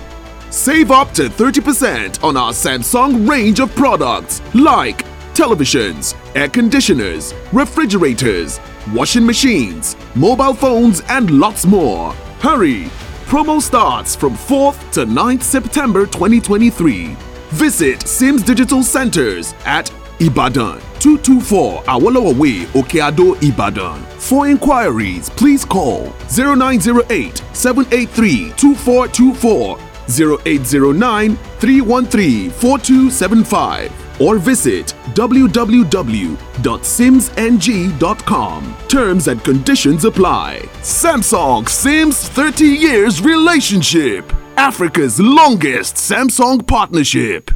Save up to 30% on our Samsung range of products like televisions, air conditioners, refrigerators, washing machines, mobile phones, and lots more. Hurry! Promo starts from 4th to 9th September 2023. Visit Sims Digital Centers at Ibadan, 224 Awolowo Way, Okeado, Ibadan. For inquiries, please call 0908 783 2424, 0809 313 4275 or visit www.simsng.com. Terms and conditions apply. Samsung Sims 30 Years Relationship, Africa's longest Samsung partnership.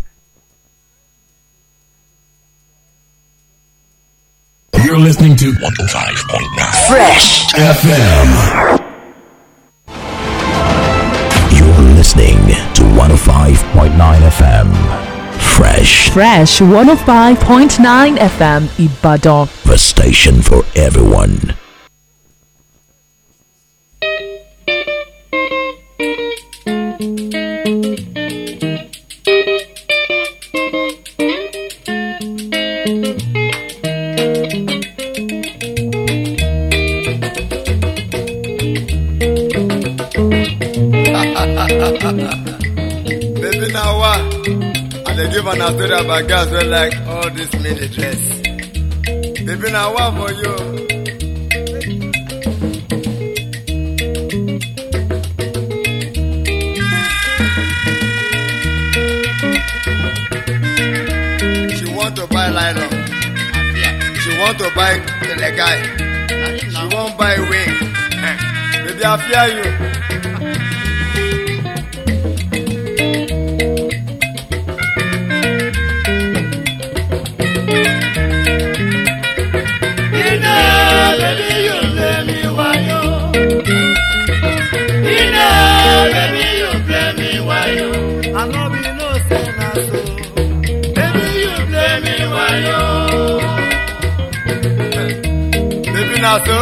You're listening to 105.9 Fresh FM. You're listening to 105.9 FM. Fresh. Fresh 105.9 FM Ibadan. The station for everyone. Give for na story about girls wey like all this mini dress. Baby, na one for you. She want to buy nylon. She want to buy the guy. She won't buy wing. Baby, I fear you. na so?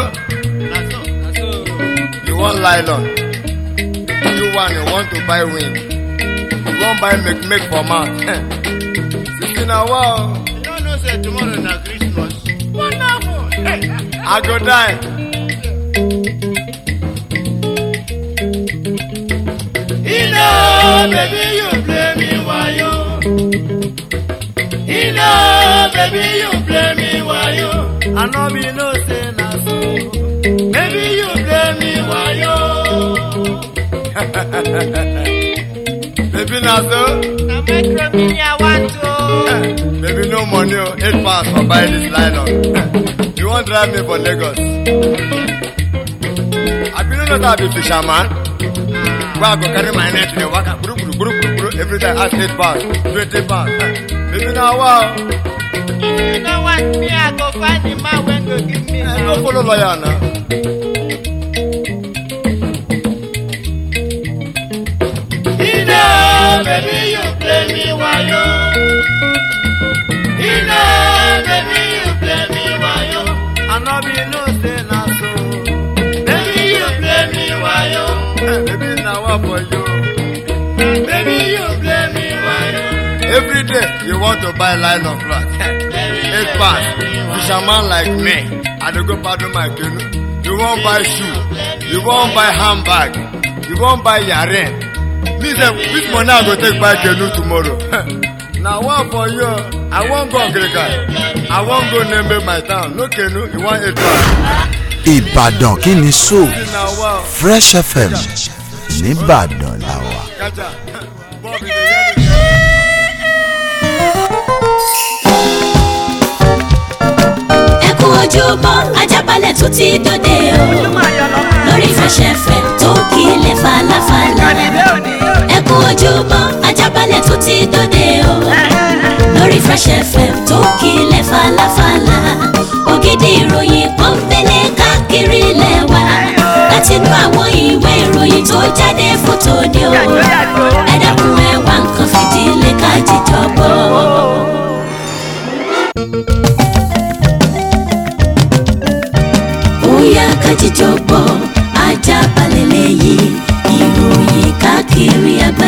Na so. You want nylon. You want you want to buy wing? You wan buy make make for man. Sisi na wa o. You no know say tomorrow na Christmas. Wonderful. I go die. Ina, baby, you play me wayo. You know, baby, you play me wayo. I know me know. Baby so. Now metro me I want to. Baby no money, oh. eight pounds for buy this nylon. you won't drive me for Lagos. I believe that I be fisherman. Ah. Where I go carry my net in the waka, group, group, group, group, every time I eight pounds, twenty pounds. Baby now wow. you know what? me, I go find the man when go give me. I don't follow lawyer now. baby, you play me wayo. You know, baby, you play me wayo. I know be no say na so. Baby, you play me wayo. Hey, eh, baby, now what for you? Baby, you play me wayo. Every day you want to buy line of cloth. Eight a man like me, I don't go paddle my canoe. You won't buy shoe. You won't buy handbag. You won't buy yarn me sef which money i go take buy canoe tomorrow na one for you i wan go agrika i wan go nembe my town no canoe you wan eat am. ìbàdàn kí ni so fresh fm nìbàdàn la wà. ẹ kú ojúmọ́ ajábalẹ̀ tó ti dòde o lórí fresh fm tó kílẹ̀ falafala ẹkú ojúbọ ajábalẹ̀ tó ti dòde o lórí Fresh FM tó kílẹ̀ falafala ògidì ìròyìn kan fẹlẹ̀ káàkiri lẹ́wà láti inú àwọn ìwé ìròyìn tó jáde fótó ni o ẹ dákun ẹ wá nǹkan fìdílé ká jíjọ gbọ́. bóyá ká jíjọ gbọ́ ajábalẹ̀ lẹ́yìn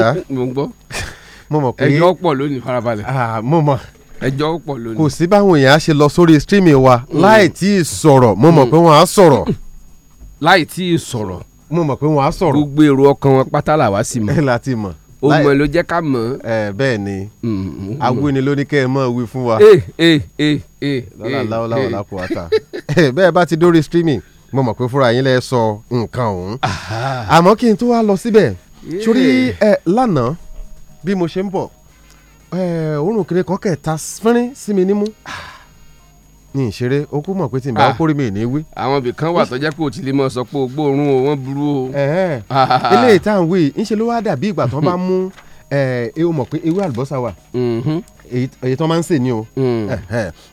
sá. mo ń gbọ́. mo mọ̀ pé ẹjọ́ pọ̀ lónìí farabalẹ̀. mo mọ̀ ẹjọ́ pọ̀ lónìí. kò sí báwọn èèyàn ṣe lọ sórí streaming wa mm. láì tí ì sọ̀rọ̀ mo mọ̀ mm. pé wọ́n á sọ̀rọ̀. láì tí ì sọ̀rọ̀. mo mọ̀ pé wọ́n á sọ̀rọ̀. gbogbo èrò ọkàn wọn pátá làwa sì mọ̀. ẹ láti mọ̀ o mọ̀ ló jẹ́ ká mọ̀. ẹ bẹ́ẹ̀ ni mm-hmm. awúni ló ní kẹ́ ẹ mọ̀ wí fún wa. Eh, eh, eh, bẹ́ẹ̀ bá ti dórí streaming mo mọ̀ pé fúnra yín lẹ́ sọ nǹkan òun àmọ́ kí n tó wá lọ síbẹ̀ sórí ẹ eh, lánàá bí mo ṣe ń bọ̀ ẹ òórùn kiri kọ́kẹ́ ta fínrín sí mi nímú ní ìṣeré o kú mọ̀ pé tí n bá ah. kórè mi ní wí. àwọn ibì kan wà tó jẹ́ pé o ti lè mọ sọ pé o gbóòórùn o wọ́n burú o. ilé ah. ìta ń wí ńṣe ló wá dàbí ìgbà tó bá mú ẹ eh, o mọ̀ pé ewé àlùbọ́sà wà mm-hmm. èyí tó máa ń sè ní o mm.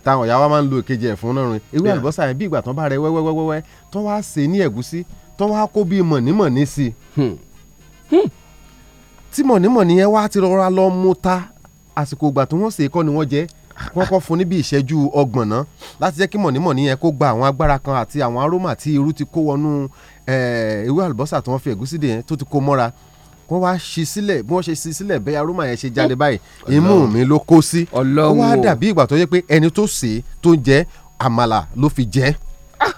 táwọn ìyá wa máa ń lo èkejì ẹ̀ fún náà rin ewé àlùbọ́sà yẹn bí ìgbà tó bá rẹ wẹ́wẹ́wẹ́wẹ́ tó wá sè ní ẹ̀gúsí tó wá kó bí mọ̀nímọ̀ní sí i hmm. Hmm. tí mọ̀nímọ̀ní yẹn wá ti rọra lọ mú ta àsìkò ìgbà tí wọ́n ṣe é kọ́ ni wọ́n jẹ́ wọ́n kọ́ fún níbi ìṣẹ́jú ọgbọ̀n ná láti jẹ́ kí mọ̀nímọ̀ní yẹn kó gba àwọn agbára kan àti àwọn aroma tí irú ti kó wọnú ewé àlùbọ́sà tí wọ́n fi ẹ̀gúsí dè yẹn tó ti kó mọ́ra wọ́n wá ṣí sílẹ̀ bí wọ́n ṣe ṣí sílẹ̀ bẹ́ẹ̀ aroma yẹn ṣe jáde báyìí imú mi ló kó sí ó wá dàbí ìgbà tó yẹ pé ẹni tó sè tó ń àmàlà ló fi jẹ. Ah!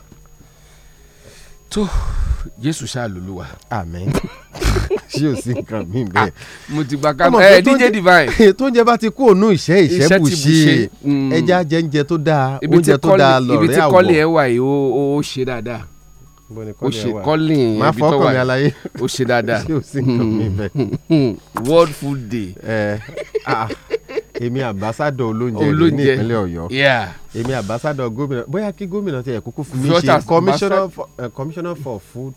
jésù ṣàlùlùwà. àmín ṣé o sì nǹkan mi bẹ́ẹ̀. Ah, mo ti gba kámọ ẹ díje divine. tó ń jẹ bá ti kú ònú ìṣẹ́ ìṣẹ́ bù ṣe mm. ẹja jẹ́ńjẹ tó dáa oúnjẹ tó dáa lọ̀rẹ́ àwọ̀. ibi tí kọ́lì ẹ wà yìí ó ṣe dáadáa ó ṣe kọ́lì ibi tó wà yìí ó ṣe dáadáa world food day. Eh. Ah, èmi àbásádọ̀ olóúnjẹ rí ní ìpínlẹ̀ ọ̀yọ́ èmi àbásádọ̀ gómìnà bóyá kí gómìnà ti ẹ̀kúkú fún mi ṣe commissioner for, eh, commissioner for food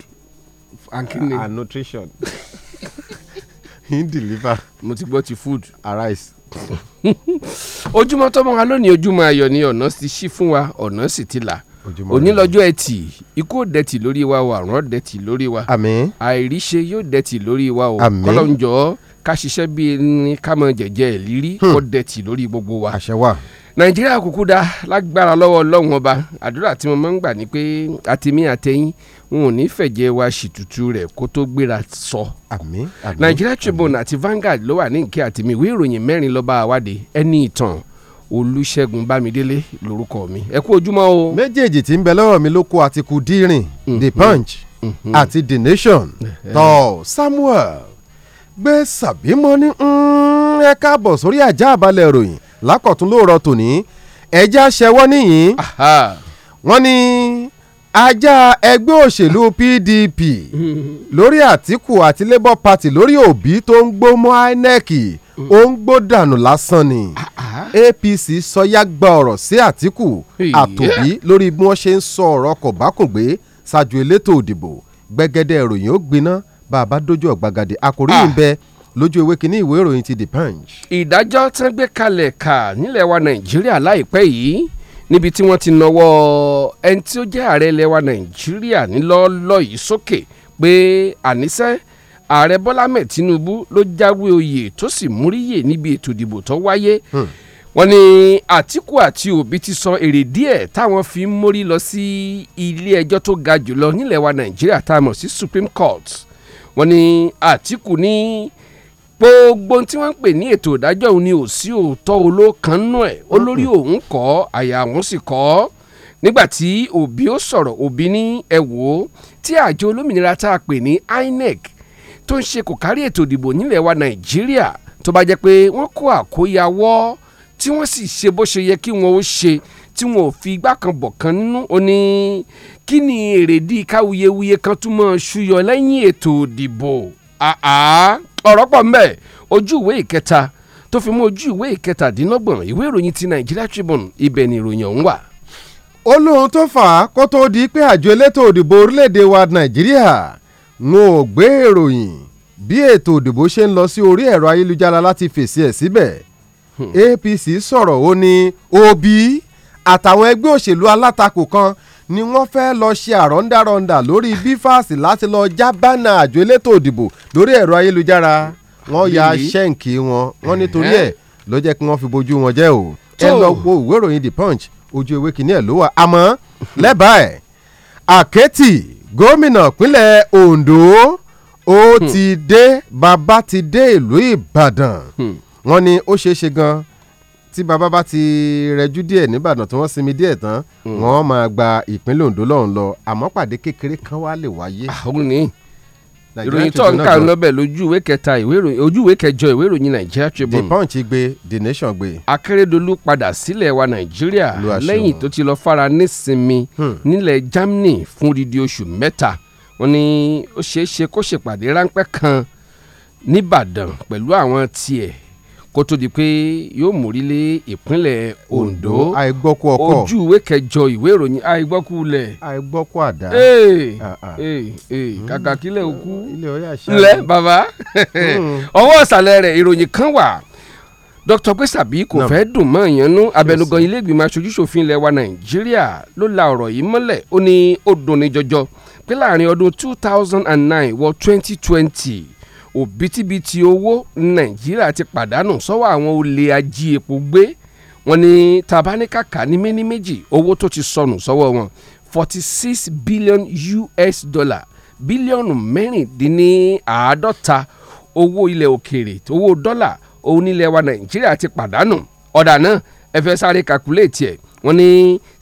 and, nutrition he deliver. mo ti gbọ́ ti food. arise. ojúmọ́ tó mọ́ra lónìí ojúmọ́ ayọ̀ ni ọ̀nà sì ṣí fún wa ọ̀nà sì ti là onílọ́jọ́ ẹtì ikú òdẹ́tì lórí wa o àrùn òdẹ́tì lórí wa àmín àìríṣe yóò dẹ́tì lórí wa o kọ́lọ́njọ́ ká ṣiṣẹ́ bí ẹni ká mọ jẹ̀jẹ̀ ìlírí kó hmm. dẹ̀tì lórí gbogbo wa. àṣẹ wa. nàìjíríà kúkú dá lágbára lọ́wọ́ ọlọ́run ọba àdúrà tí mo máa ń gbà ni pé àtìmí àtẹ̀yìn wọn ò ní fẹ̀jẹ̀ wa ṣìtùtù rẹ̀ kó tó gbéra sọ. àmín àmín nàìjíríà tribune àti Vanguard ló wà ní ìkẹ́ àtìmí ìwé ìròyìn mẹ́rin lọ́ba àwádìí ẹni ìtàn olùṣègùn bámidélé lórúkọ mi ẹ kú ojúmọ́ o. méjèèjì tí ń bẹ lọ́rọ̀ mi ló kó àti dírìn the mm-hmm. punch mm-hmm. àti the nation eh, eh. tọ́ samuel gbé sàbímọ́ ní ẹ káàbọ̀ sórí ajá àbálẹ̀ ìròyìn lákọ̀tún lóòrọ̀ tòní ẹja ṣẹwọ́ nìyín wọ́n ní ajá ẹgbẹ́ òṣèlú PDP lórí Àtíkù àti Labour Party lórí Obi tó ń gbó mọ́ INEC ó ń gbó dànù lásán ni APC sọyá gba ọ̀rọ̀ sí Àtíkù àtòbí lórí bí wọ́n ṣe ń sọ ọ̀rọ̀ kọ̀bákùngbé ṣáájú elétò òdìbò gbẹgẹdẹ ìròyìn ó gbiná bá a bá dójú ọ̀gbagadè àkòrí yìí ń ah. bẹ lójú ewé kínní ìwé ìròyìn ti the punch. ìdájọ́ tí wọ́n gbé kalẹ̀ kà nílẹ̀ wa nàìjíríà láìpẹ́ yìí níbi tí wọ́n ti nawọ́ ẹni tí ó jẹ́ ààrẹ ilẹ̀ wa nàìjíríà nílọ́ọ́lọ́ yìí sókè pé àníṣẹ́ ààrẹ bọ́lá mẹ́ tinubu ló jáwé oyè tó sì múríyè níbi ètò ìdìbò tó wáyé hmm. wọ́n ní àtìkù àti òbí ti sọ èrè díẹ̀ táwọn fi ń mórí lọ sí ilé ẹjọ́ tó ga jùlọ nílẹ̀ wa nàìjíríà tá mọ̀ sí supreme court wọ́n ní Àtìkù ní gbogbo tí wọ́n ń pè ní ètò ìdájọ́ òun ni ò sí òótọ́ olókan nù ẹ̀ olórí mm-hmm. òun kọ́ àyà òun sì kọ́ nígbàtí Obi ó sọ̀rọ̀ Obi ní ẹ wò ó tí àjọ olómìnira tá a pè ní INEC tó ń ṣe kò kárí ètò ìdìbò nílẹ̀ wa Nàìjíríà tó bá jẹ́ pé wọ́n kó àkóyawọ́ tí wọ́n sì ṣe bó ṣe yẹ kí wọ́n ó ṣe tí wọn ò fi igbá kan bọ̀ kan nínú ó ní kí ni èrèdí káwuyewuye kan tún máa ṣúyọ lẹ́yìn ètò ìdìbò ọ̀rọ̀ pọ̀ ńbẹ̀ ojú ìwé ìkẹta tó fi mú ojú ìwé ìkẹtàdínlọ́gbọ̀n ìwé ìròyìn ti Nigeria Tribune ibẹ̀ ni ìròyìn ọ̀hún wà. ó lóun tó fà á kó tóó di pé àjọ elétò òdìbò orílẹ̀-èdè wa Nàìjíríà ń ò gbé ìròyìn bí ètò òdìbò ṣe ń lọ sí orí ẹ̀rọ ayélujára láti fèsì ẹ̀ síbẹ̀ hmm. APC sọ̀rọ̀ ó ní Obi àtàwọn ẹgbẹ́ òṣèlú alátakò kan ni wọ́n fẹ́ lọ ṣe àrọ́ndàrọ́ndà lórí bífàsì láti lọ jábánà àjọ elétò òdìbò lórí ẹ̀rọ ayélujára wọ́n ya ṣẹ́ǹkì wọn wọ́n nítorí ẹ̀ ló jẹ́ kí wọ́n fi bojú wọn jẹ́ o ẹ lọ wo ìwé ìròyìn the punch ojú ewé kìíní ẹ̀ ló wà àmọ́ lẹ́bàá ẹ̀ àkẹ́tì gómìnà pínlẹ̀ Ondo ó hmm. ti dé bàbá ti dé ìlú Ìbàdàn hmm. wọ́n ní ó ṣeé ṣe gan-an tí bàbá bá ti rẹjú díẹ̀ nìbàdàn tí wọ́n sinmi díẹ̀ tán hmm. wọ́n máa gba ìpínlẹ̀ Ondo lọ́hùn lọ àmọ́ pàdé kékeré kan wá lè wáyé. àwọn ah, ni ìròyìn tó ń kà ń lọ́bẹ̀ lójú ìwé kẹta ojú ìwé kẹjọ ìwé ìròyìn Nigeria Tribune. The Punch gbé The Nation gbé. Akérèdọ́lù padà sílẹ̀ wa Nàìjíríà lẹ́yìn tó ti lọ fara nísinmi hmm. nílẹ̀ Germany fún odidi oṣù mẹ́ta wọ́n ní ó ṣeé ṣe kó ṣèpàdé ráńpẹ́ kan níbàdàn pẹ̀lú àwọn tiẹ̀ kó tó di pé yóò mórí lé ìpínlẹ̀ Ondo àìgbọ́kú ọkọ ojú ìwé kẹjọ ìwé ìròyìn àìgbọ́kú lẹ̀ àìgbọ́kú àdá ah, ah. Hmm. kàkà kílẹ̀ òkú ah, lẹ̀ bàbá hmm. ọwọ́ ìsàlẹ̀ rẹ̀ ìròyìn kan wà dr gbèsàbí kò fẹ́ dùn mọ́ ìyẹnú abẹnugan ilé ìgbìmọ̀ aṣojúṣòfin ilẹ̀ wa nàìjíríà ló la ọ̀rọ̀ yìí mọ́lẹ̀ ó ní ó dunni jọjọ pé láàrin ọdún two thousand and nine wọ twenty twenty òbítíbitì owó nàìjíríà ti pàdánù sọ́wọ́ àwọn olè ají epo gbé wọ́n ní tabanikaka ní méní méjì owó tó ti sọnù sọ́wọ́ wọn forty six billion US dollar bílíọ̀nù mẹ́rìndínláàádọ́ta owó ilẹ̀ òkèèrè owó dọ́là òun nílẹ̀ wa nàìjíríà ti pàdánù ọ̀dà náà ẹ fẹ́ sáré kàkúlẹ̀tì ẹ̀ wọ́n ní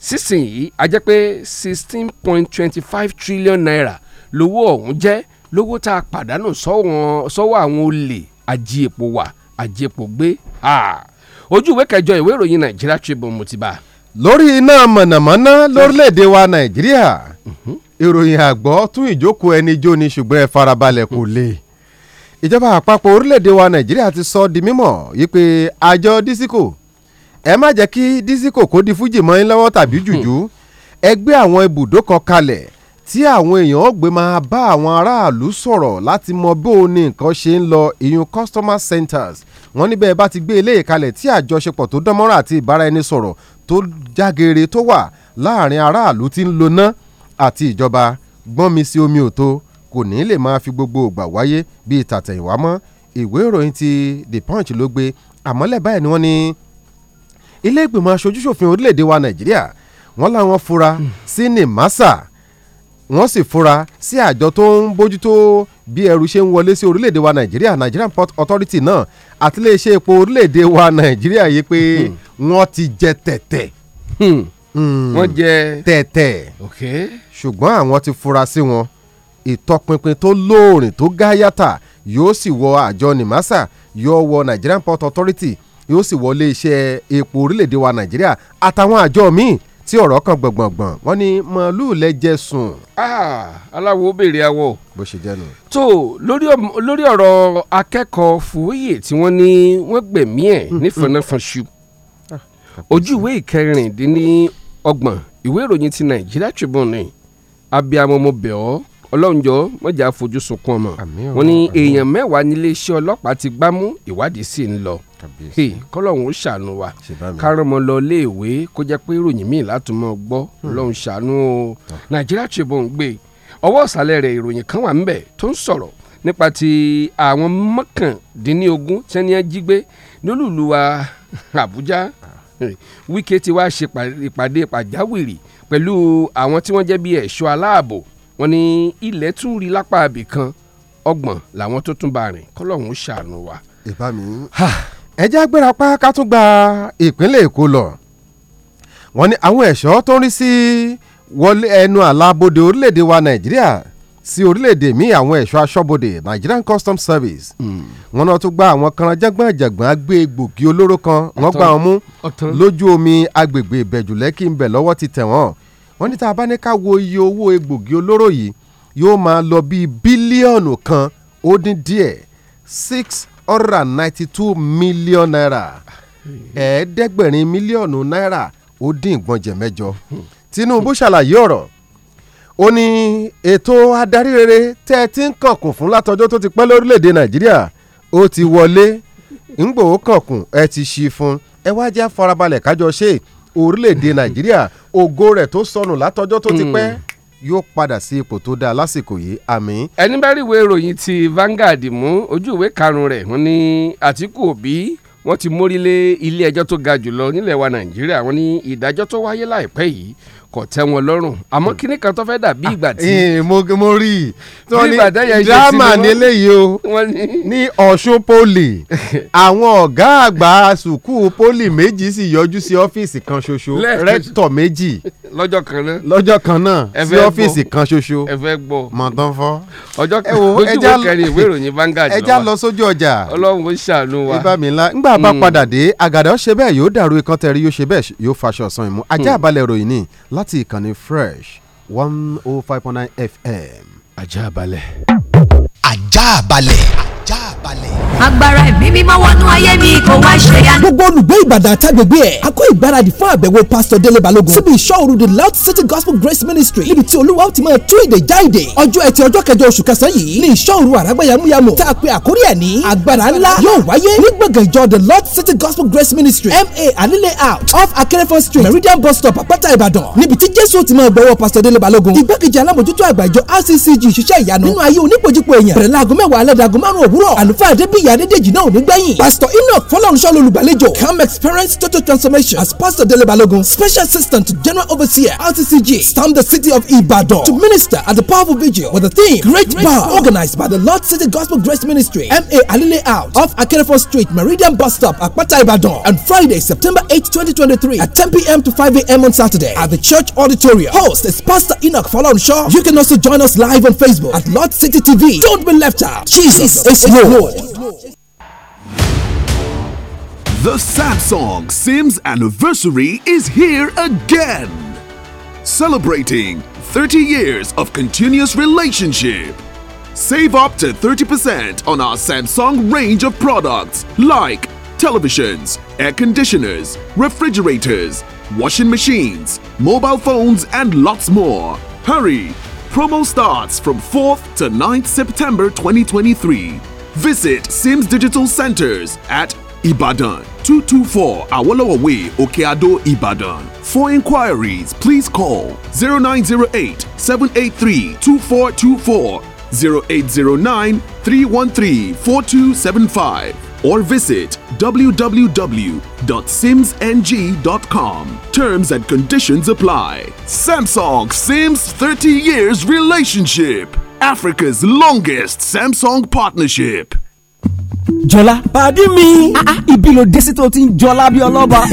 sísìn yìí a jẹ́ pé sixteen point twenty five trillion naira lówó ọ̀hún jẹ́ lówó tá a pàdánù sọ́wọ́ àwọn olè ají epo wà ají epo gbé ojú ìwé kẹjọ ìwé ìròyìn nàìjíríà Tribune mo ti bá. lórí iná mọ̀nàmọ́ná lórílẹ̀‐èdè wa nàìjíríà mhm. ìròyìn àgbọ̀ tún ìjókòó ẹni jó ni ṣùgbọ́n ẹ farabalẹ̀ kò le. ìjọba àpapọ̀ orílẹ̀‐èdè wa nàìjíríà ti sọ di mímọ̀ yìí pé àjọ dísíkò ẹ má jẹ́ kí dísíkò kó di fújì mọ́ yín lọ́wọ́ tàbí jùjú mhm. ẹ gbé àwọn ibùdó kan kalẹ̀ tí àwọn èèyàn ó gbé máa bá àwọn aráàlú sọ̀rọ̀ láti mọ bó o ní nǹkan ṣe ń lọ ìyún customer centers wọ́n níbẹ̀ bá ti gbé eléyìí kalẹ̀ tí àjọṣepọ̀ tó dánmọ́ràn àti ìbáraẹnisọ̀rọ̀ tó jágere tó wà láàrin aráàlú tí ń loná àti ìjọba gbọ́n mi sí omi òtó kò ní lè máa fi gbogbo ògbà wáyé bíi tàtẹ̀yìnwá mọ́ ìwé ìròyìn ti The Punch ló gbé àmọ́lẹ̀ báyìí ni wọ́n ní ilé ìgbìmọ̀ aṣojúṣòfin orílẹ̀-èdè wa Nàìjíríà wọ́n láwọn fura hmm. sí ní massa wọ́n sì fura sí àjọ tó ń bójútó bí ẹrù ṣe ń wọlé sí orílẹ̀-èdè wa nàìjíríà Nigerian Port Authority náà àti iléeṣẹ́ epo orílẹ̀-èdè wa nàìjíríà yìí pé hmm. wọ́n ti jẹ tẹ̀tẹ̀. Hmm. Hmm. wọ́n jẹ tẹ̀tẹ̀ ṣùgbọ́n àwọn ti fura sí wọn ìtọpinpin tó lóòrìn tó gáyàtà yóò sì wọ àjọ NIMASA yóò wọ Nigerian Port Authority yóò sì wọ iléeṣẹ́ epo orílẹ̀-èdè wa nàìjíríà àtàwọn àjọ míì tí ọ̀rọ̀ kan gbọ̀ngbọ̀ngbọ̀n wọ́n ní màálùú lẹ́jẹ̀ sùn. Ah, aláwo béèrè awọ. bó ṣe jẹ́ nù. tó lórí ọ̀rọ̀ akẹ́kọ̀ọ́ fòye tí wọ́n ní wọ́n gbẹ̀mí ẹ̀ nífọ̀nàfọ̀nṣu mm, mm. ah, ojú ìwé ìkẹrìndínlọ́gbọ̀n ìwé ìròyìn ti Nigeria Tribune ni abiyamọ mo bẹ̀ ọ́ ọlọ́njọ́ mọ̀jà fojú sunkún ọmọ wọn ní èèyàn mẹ́wàá níléeṣẹ́ ọlọ́pàá ti gbámú ìwádìí sì ń lọ kọ́lọ́hún ó ṣàánú wa kárànmọ́ lọ léèwé kó jẹ́ pé ìròyìn míì láti mọ́ gbọ́ hmm. lọ́hún ṣàánú o nàìjíríà Tribune gbé ọwọ́ ìsàlẹ̀ rẹ̀ ìròyìn kan wà ńbẹ̀ tó ń sọ̀rọ̀ nípa ti àwọn mọ́kàndínlógún tẹ́ni ẹ jí gbé nílùú Àbújá ah. Wike ti wá ṣe ìpàdé pàjáwìrì pẹ̀lú àwọn tí wọ́n jẹ́ bí ẹ̀ṣọ́ aláàbò wọn ni ilẹ̀ tún rí lápá abì kan ọgbọ̀n làwọn tó tún bá rìn kọ́lọ́hún ṣàánú wa. ìbá mi ẹjẹ́ agbéra pa ká tún gba ìpínlẹ̀ èkó lọ wọ́n ní àwọn ẹ̀ṣọ́ tó ń rí sí wọlé ẹnu àlàbodè orílẹ̀-èdè wa nàìjíríà sí orílẹ̀-èdè míì àwọn ẹ̀ṣọ́ aṣọ́bodè Nigerian Customs Service hmm. wọ́n náà tún gba àwọn kan jẹ́gbọ́n-jẹ̀gbọ́n gbé egbògi olóró kan wọ́n gbá wọn mú lójú omi agbègbè ìbẹ̀jùlẹ́kì ń bẹ̀ lọ́wọ́ ti tẹ̀ wọ́n wọ́n ní tá a bá ní ká wo iye owó egbògi olóró yìí yóò máa lọ bíi bílíọ̀nù kan ó dín díẹ̀ six ọ̀rà ninety two million naira ẹ̀ẹ́dẹ́gbẹ̀rin mílíọ̀nù náírà ó dín ìgbọ̀njẹ̀ mẹ́jọ Tinubu ṣàlàyé ọ̀rọ̀ ó ní ètò adarí rere tẹ́ ẹ ti ń kànkùn fún látọjọ́ tó ti pẹ́ lórílẹ̀‐èdè Nàìjíríà ó ti wọlé ńgbòho kànkùn ẹ ti ṣí fún ẹ wá jẹ́ farabalẹ̀ kájọ ṣe orílẹ̀‐èdè Nàìjíríà ògo rẹ̀ tó sọnù látọjọ́ tó ti hmm. pẹ́. Mm yóò padà sí ipò tó dáa lásìkò yìí àmín. ẹni bá rí ìwé ìròyìn ti Vanguard mú ojú ìwé karùn-ún rẹ̀ wọ́n ní Àtíkù Òbí wọ́n ti mórí lé ilé ẹjọ́ tó ga jùlọ nílẹ̀ wa Nàìjíríà wọ́n ní ìdájọ́ tó wáyé láìpẹ́ yìí kò tẹ́ wọn lọ́rùn àmọ́ hmm. kíní kan tó fẹ́ dà bí ah, ìgbà tí. Eh, mo rí i tí ní drama níléyìí o ní ọ̀ṣun poli àwọn ọ̀gá àgbà sùkúù poli méjì sì yọjú sí ọ́fíìsì kan ṣoṣo rẹ́tọ̀ méjì lọ́jọ́ kan náà lọ́jọ́ kan náà sí ọ́fíìsì kan ṣoṣo ẹ ọjọ́ kan lójúwò kẹrin ìwé ìròyìn Vanguard lọ́wọ́ ẹja lọ sójú ọjà ọlọ́run ó ṣàánú wa. ibà mi ńlá ńgbà bá hmm. padà dé àgàdà ó ṣe bẹ́ẹ̀ yóò dàrú ikán tẹ̀rí yóò ṣe bẹ́ẹ̀ yóò faṣọ ọ̀sán ìmú ajá àbálẹ̀ hmm. ìròyìn ni láti ìkànnì fresh one oh five point nine fm. ajá balẹ̀. ajá balẹ̀. ajá balẹ̀. agbára ẹ̀mí mímọ́ wọnú ayé mi kò wá ṣe ya. gbogbo olùgbé ìbàdàn àtàgbègbè ẹ̀ a kó ìgbáradì fún àbẹ̀wò pásítọ̀ délé balógun síbi ìṣọ́òru the loud city gospel grace ministry níbi tí olúwa ó ti máa tú èdè já èdè ọjọ́ ẹtì ọjọ́ kẹjọ oṣù kẹsàn-án yìí ní ìṣọ́òru àràgbá yamuyamu tá a pe àkórí ẹ̀ ní agbára ńlá yóò wáyé ní gbọ̀ngàn ìjọ the loud city gospel grace ministry ma anile out off akérèfọ́n street meridian bus stop àpáta ìbàdàn níbi tí jésù ti máa gbọ́wọ́ pásítọ̀ délé balógun igbákejì alámòjútó àgbà ìjọ rccg ṣiṣẹ́ ìyanu nínú ayé onípojúpo èèyàn bẹ̀rẹ̀ láago mẹ́wàá alẹ́ dago àlùfáà adébíyì adédèjì náà ò ní gbẹ̀yìn pastor enoch fọlọ́runṣọ́ lolùgbàlejò calm experience total transformation as pastor dele balogun special assistant to general overseer rccg storm the city of ibadan to minister at the powerful vigil with the theme great, power organized by the lord city gospel grace ministry ma alile out off akerefo street meridian bus stop akpata ibadan on friday september 8 2023 at 10 p.m. to 5 a.m. on saturday at the church auditorium host is pastor enoch fọlọ́runṣọ́ you can also join us live on facebook at lord city tv don't be left out jesus is lord. The Samsung Sims anniversary is here again. Celebrating 30 years of continuous relationship. Save up to 30% on our Samsung range of products like televisions, air conditioners, refrigerators, washing machines, mobile phones, and lots more. Hurry! Promo starts from 4th to 9th September 2023. Visit Sims Digital Centers at Ibadan, 224 Awolowo Way, Okeado, Ibadan. For inquiries, please call 0908 783 2424, 0809 313 4275, or visit www.simsng.com. Terms and conditions apply. Samsung Sims 30 Years Relationship. Africa's longest Samsung partnership. jọlá. pàdí mi. Ah, ah. ibi ló dé sí tó ti ń jọlá bí ọlọ́ba.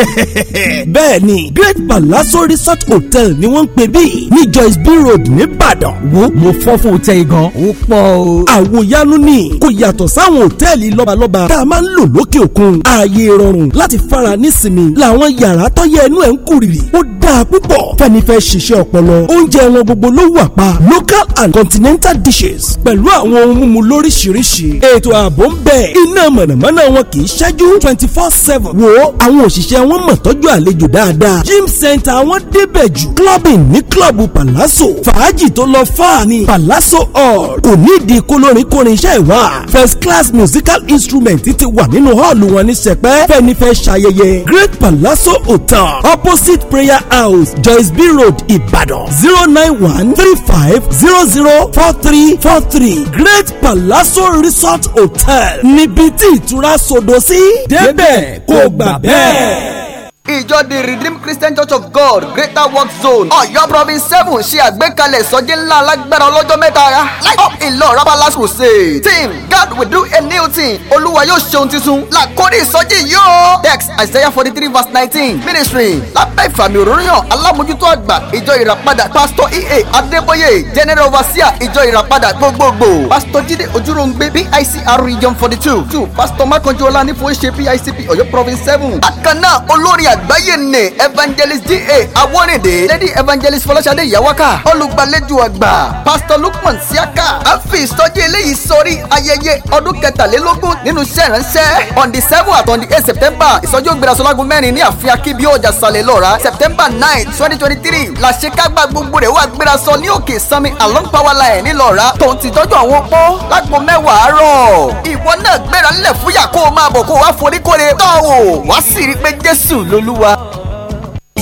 bẹ́ẹ̀ great palazzo resort hotel ni wọ́n ń pè bí ní joyce b road nìbàdàn. wo mo fọ́ fún hotel gan. ó pọ̀ o. àwòyánu ni kò yàtọ̀ sáwọn hòtẹ́ẹ̀lì lọ́balọ́ba tá a máa ń lò lókè òkun. ààyè ìrọ̀rùn láti fara nísinmi làwọn yàrá tó yẹ ẹ̀ ń kúrìrì. ó d dáa púpọ̀ fẹ́ni fẹ́ ṣiṣẹ́ ọpọlọ oúnjẹ wọn gbogbo ló wà pa local and continental dishes pẹ̀lú àwọn ohun mímu lóríṣiríṣi ètò ààbò ń bẹ iná mọ̀nàmọ́ná wọn kì í ṣẹ́jú twenty four seven wo àwọn òṣìṣẹ́ wọn mọ̀ tọ́jú àlejò dáadáa gym center wọn débẹ̀ jù clubbing ní club palazzo fàájì tó lọ fáà ní palazzo hall kò nídìí kólórin kórin iṣẹ́ ìwà first class musical instrument ti wà nínú hall wọn ní sẹpẹ́ fẹ́ni fẹ́ ṣayẹyẹ great palazzo hotel opposite prayer house joyce b road Ibadan. zero nine one three five zero zero four three four three great palazzo resort hotel níbi tí ìtura sọdọ sí débẹ̀ kò gbà bẹ́ẹ̀ ìjọ the redeemed christian church of god greater work zone ọ̀yọ́ province seven ṣe àgbékalẹ̀ ìsọjí ńlá alágbára ọlọ́jọ́ mẹ́ta light up ìlọra palace crusade team god will do a new thing olúwa yóò ṣe ohun tuntun làkórí ìsọjí yóò text isaiah forty three verse nineteen ministry lábẹ́ ìfàmì òróyàn alámójútó àgbà ìjọ ìràpadà pastor ea adébóyè general overseer ìjọ ìràpadà gbogbogbò pastor jíde ojúròǹgbé picr region forty two two pastor makanjuola nífowó ṣe picp ọ̀yọ́ province seven bákan náà olórí à àgbáyé ni evangelist da awọ́rìndé lady evangelist fọláṣadé ìyáwáká olùgbàlejò àgbà pastor lukman siaka a fi ìsọjí eléyìí sórí ayẹyẹ ọdún kẹtàlélógún nínú iṣẹ́ ìránṣẹ́ on the seven àti on the eight september ìsọjí ògbéra sọlágun mẹ́rin ní àfin akíbi ọjà sàlẹ̀ lọ́ra september nine twenty twenty three làṣekágbá gbogbo rẹ̀ wà gbéra sọ ní òkè sanmi along power line ńlọra tòun ti tọ́jú àwọn pọ́ lágbo mẹ́wàá àárọ̀ ìwọ náà gbéra ńlẹ̀ fúyà kó o máa bọ̀ kó o wá foríkóre tọ́ o wá sì rí pé jésù ló olúwa.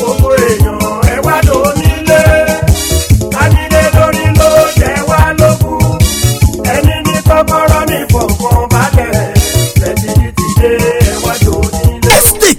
owó èyí.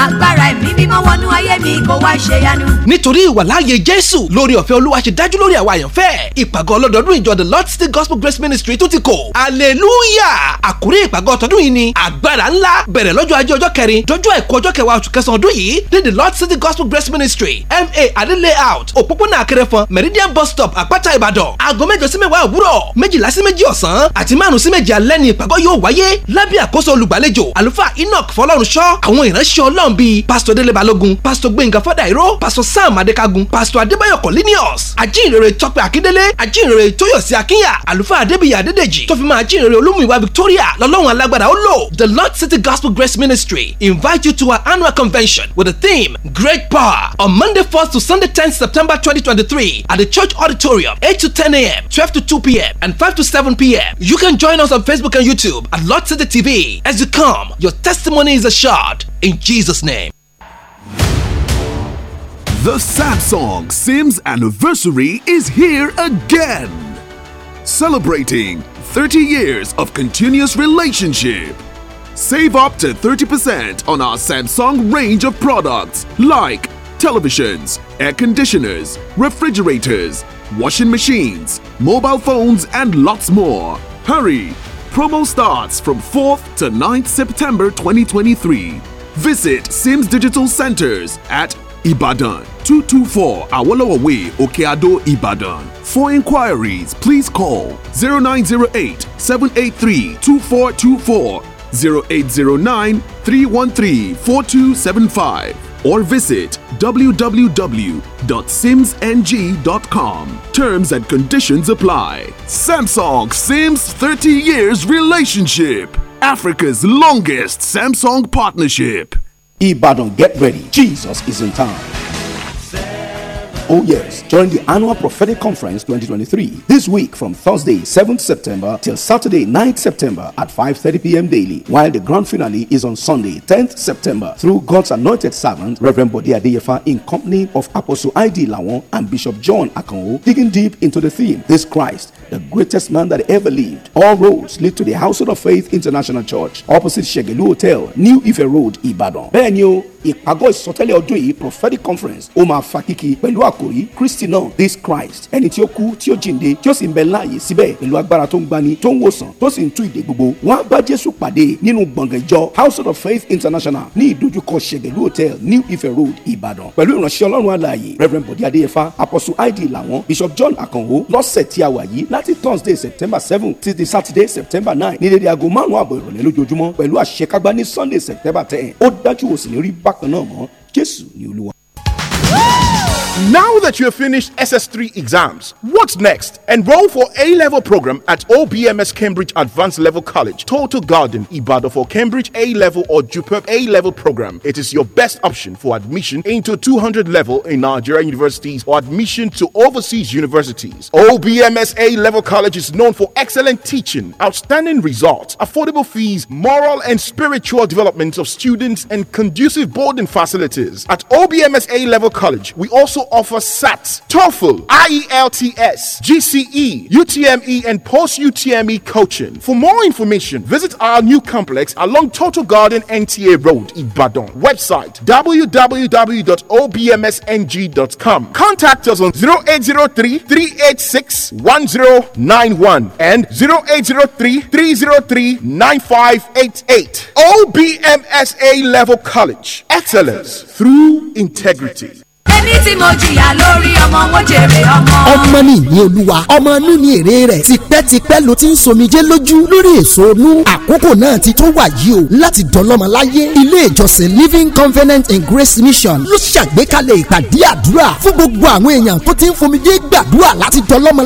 agbára ẹ̀mí mímọ́ wọnú ayé mi kó wá ṣe yanu. nítorí ìwàláàyè jésù lórí ọ̀fẹ́ olúwa ṣe dájú lórí àwa àyànfẹ́ ìpàgọ́ ọlọ́dọọdún ìjọ the lord city gospel grace ministry tún ti kò hallelujah àkórí ìpàgọ́ ọtọ́dún yìí ni agbára ńlá bẹ̀rẹ̀ lọ́jọ́ ajé ọjọ́ kẹrin dọ́jú àìkú ọjọ́ kẹwàá oṣù kẹsàn-án ọdún yìí ní the lord city gospel grace ministry ma adé layout òpópónà akẹrẹfọn meridian bus stop àpáta ìbàdàn aago mẹ́jọ sí mẹ́wàá òwúrọ̀ méjìlá sí méjì ọ̀sán àti márùn sí méjì alẹ́ ni ìpàgọ́ yóò wáyé lábẹ́ àkóso olùgbàlejò àlùfáà enoch fọlọ́runṣọ́ àwọn ìránṣẹ́ ọlọ́run bíi pásítọ̀ délé balógun pásítọ̀ gbẹ̀ngà fọ́dàìró pásítọ̀ sam adékagun pásítọ̀ adébáyọ̀ cornelius ajínrere tọpẹ́ akíndélé ajínrere tóyọ̀sí akínyà àlùfáà adébíyì adédèjì tó fi máa ajínrere olúmúyìwá victoria lọ́lọ́run alágbára ó lò the lord city gospel grace ministry invite you to our annual convention with the theme great power on monday first to sunday tenth september twenty twenty three at the church auditorium eight to ten a.m twelve to two p.m and five to seven p.m you can join us on facebook and youtube at lord city tv as you come your testimony is assured in jesus. Jesus' name. The Samsung Sims anniversary is here again. Celebrating 30 years of continuous relationship. Save up to 30% on our Samsung range of products like televisions, air conditioners, refrigerators, washing machines, mobile phones, and lots more. Hurry! Promo starts from 4th to 9th September 2023. Visit Sims Digital Centers at Ibadan 224 Awolowo Way, Okeado, Ibadan. For inquiries, please call 0908 783 2424, 0809 313 4275, or visit www.simsng.com. Terms and conditions apply. Samsung Sims 30 Years Relationship. Africa's longest Samsung partnership. Ibadan, get ready. Jesus is in town. Oh, yes, during the annual prophetic conference 2023. This week from Thursday, 7th September till Saturday, 9th September at 5:30 p.m. daily, while the grand finale is on Sunday, 10th September through God's anointed servant, Reverend Bodi Adeyefa, in company of Apostle I.D. Lawon and Bishop John Akonwo, digging deep into the theme, This Christ, the greatest man that ever lived. All roads lead to the Household of Faith International Church, opposite Shegelu Hotel, New Ife Road, Ibadan. Benio ìpàgọ́ ìsọtẹ́lẹ̀ ọdún yìí prophetic conference ó máa fa kíkì pẹ̀lú àkòrí kristi náà this christ ẹni tí ó kú tí ó jíǹde tí ó sì ń bẹ láàyè síbẹ̀ pẹ̀lú agbára tó ń gbani tó ń wòsàn tó sì ń tú ìdè gbogbo wọn bá jésù pàdé nínú gbọ̀ngàn ìjọ house of faith international ní ìdojúkọ ṣẹ̀gẹ̀lú hotel new ife road ìbàdàn pẹ̀lú ìránṣẹ́ ọlọ́run alààyè reverend bọ̀dé adéyẹfà apostle id làwọn bishop john akànwó lọ́sẹ̀ tí a wà yìí láti thursday september seven títí saturday september nine ní dédé aago márùn-ún àbọ̀ ìrọ̀lẹ́ lójoojúmọ́ pẹ̀lú àṣekágbá ní sunday september ten ó dájú òsì ní rí bá bákan náà mọ́ Jésù ni Olúwa. Now that you have finished SS3 exams, what's next? Enroll for A-level program at OBMS Cambridge Advanced Level College, Total Garden, Ibadan for Cambridge A-level or Jupiter A-level program. It is your best option for admission into 200 level in Nigerian universities or admission to overseas universities. OBMS A-level college is known for excellent teaching, outstanding results, affordable fees, moral and spiritual development of students and conducive boarding facilities. At OBMS A-level college, we also Offer SAT, TOEFL, IELTS, GCE, UTME, and post UTME coaching. For more information, visit our new complex along Total Garden NTA Road, Ibadan. Website www.obmsng.com. Contact us on 0803 386 1091 and 0803 303 9588. OBMSA Level College. Excellence through integrity. ẹni tí mo jìyà lórí ọmọ mo jèrè ọmọ. ọmọ ni ìní olúwa ọmọ inú ni èrè rẹ̀ tipẹ́tipẹ́ ló ti ń somijé lójú lórí èso inú àkókò náà ti tó wà o láti dọlọ́mọ ilé ìjọsìn living covenant and grace mission ló ṣàgbékalẹ̀ ìpàdé àdúrà fún gbogbo àwọn èèyàn tó ti ń fomijé gbàdúrà láti dọlọ́mọ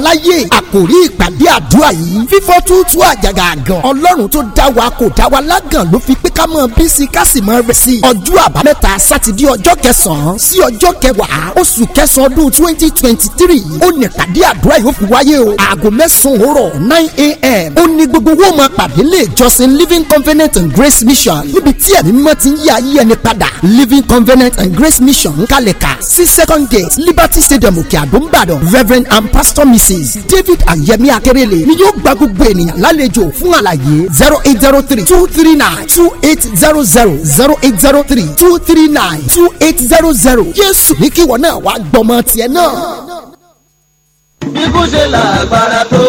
àkòrí ìpàdé àdúrà yìí fífọ́ tútù àjàgà àgàn ọlọ́run tó dá wa kò dá wa lágàn ló fi pé ká mọ̀ bí sí ká sì mọ̀ rẹ̀ sí ọjọ́ àbámẹ́ta sátidé ọjọ́ kẹsàn-án sí ọjọ́ kẹwàá kejìlá oṣù kẹsàn-án ọdún twenty twenty three ó ní ìpàdé àdúrà yóò fi wáyé o aago mẹ́sàn-án òwúrọ̀ nine a.m. ó ní gbogbo wọn máa pàdé lé ìjọsìn living covenant and grace mission níbi tí ẹ̀mí mímọ́ ti ń yí ayé ẹni padà living covenant and grace mission kálẹ̀ka sí second gate liberty stadium òkè àdó reverend and pastor mrs david ayemi Akerele. ni yóò gba gbogbo ènìyàn lálejò fún àlàyé zero eight zero three two three nine two eight zero zero zero eight zero three two three nine two eight zero zero yéésù ní kíwọ náà wàá gbọmọ tiẹ̀ náà ikú ṣe lágbára tó.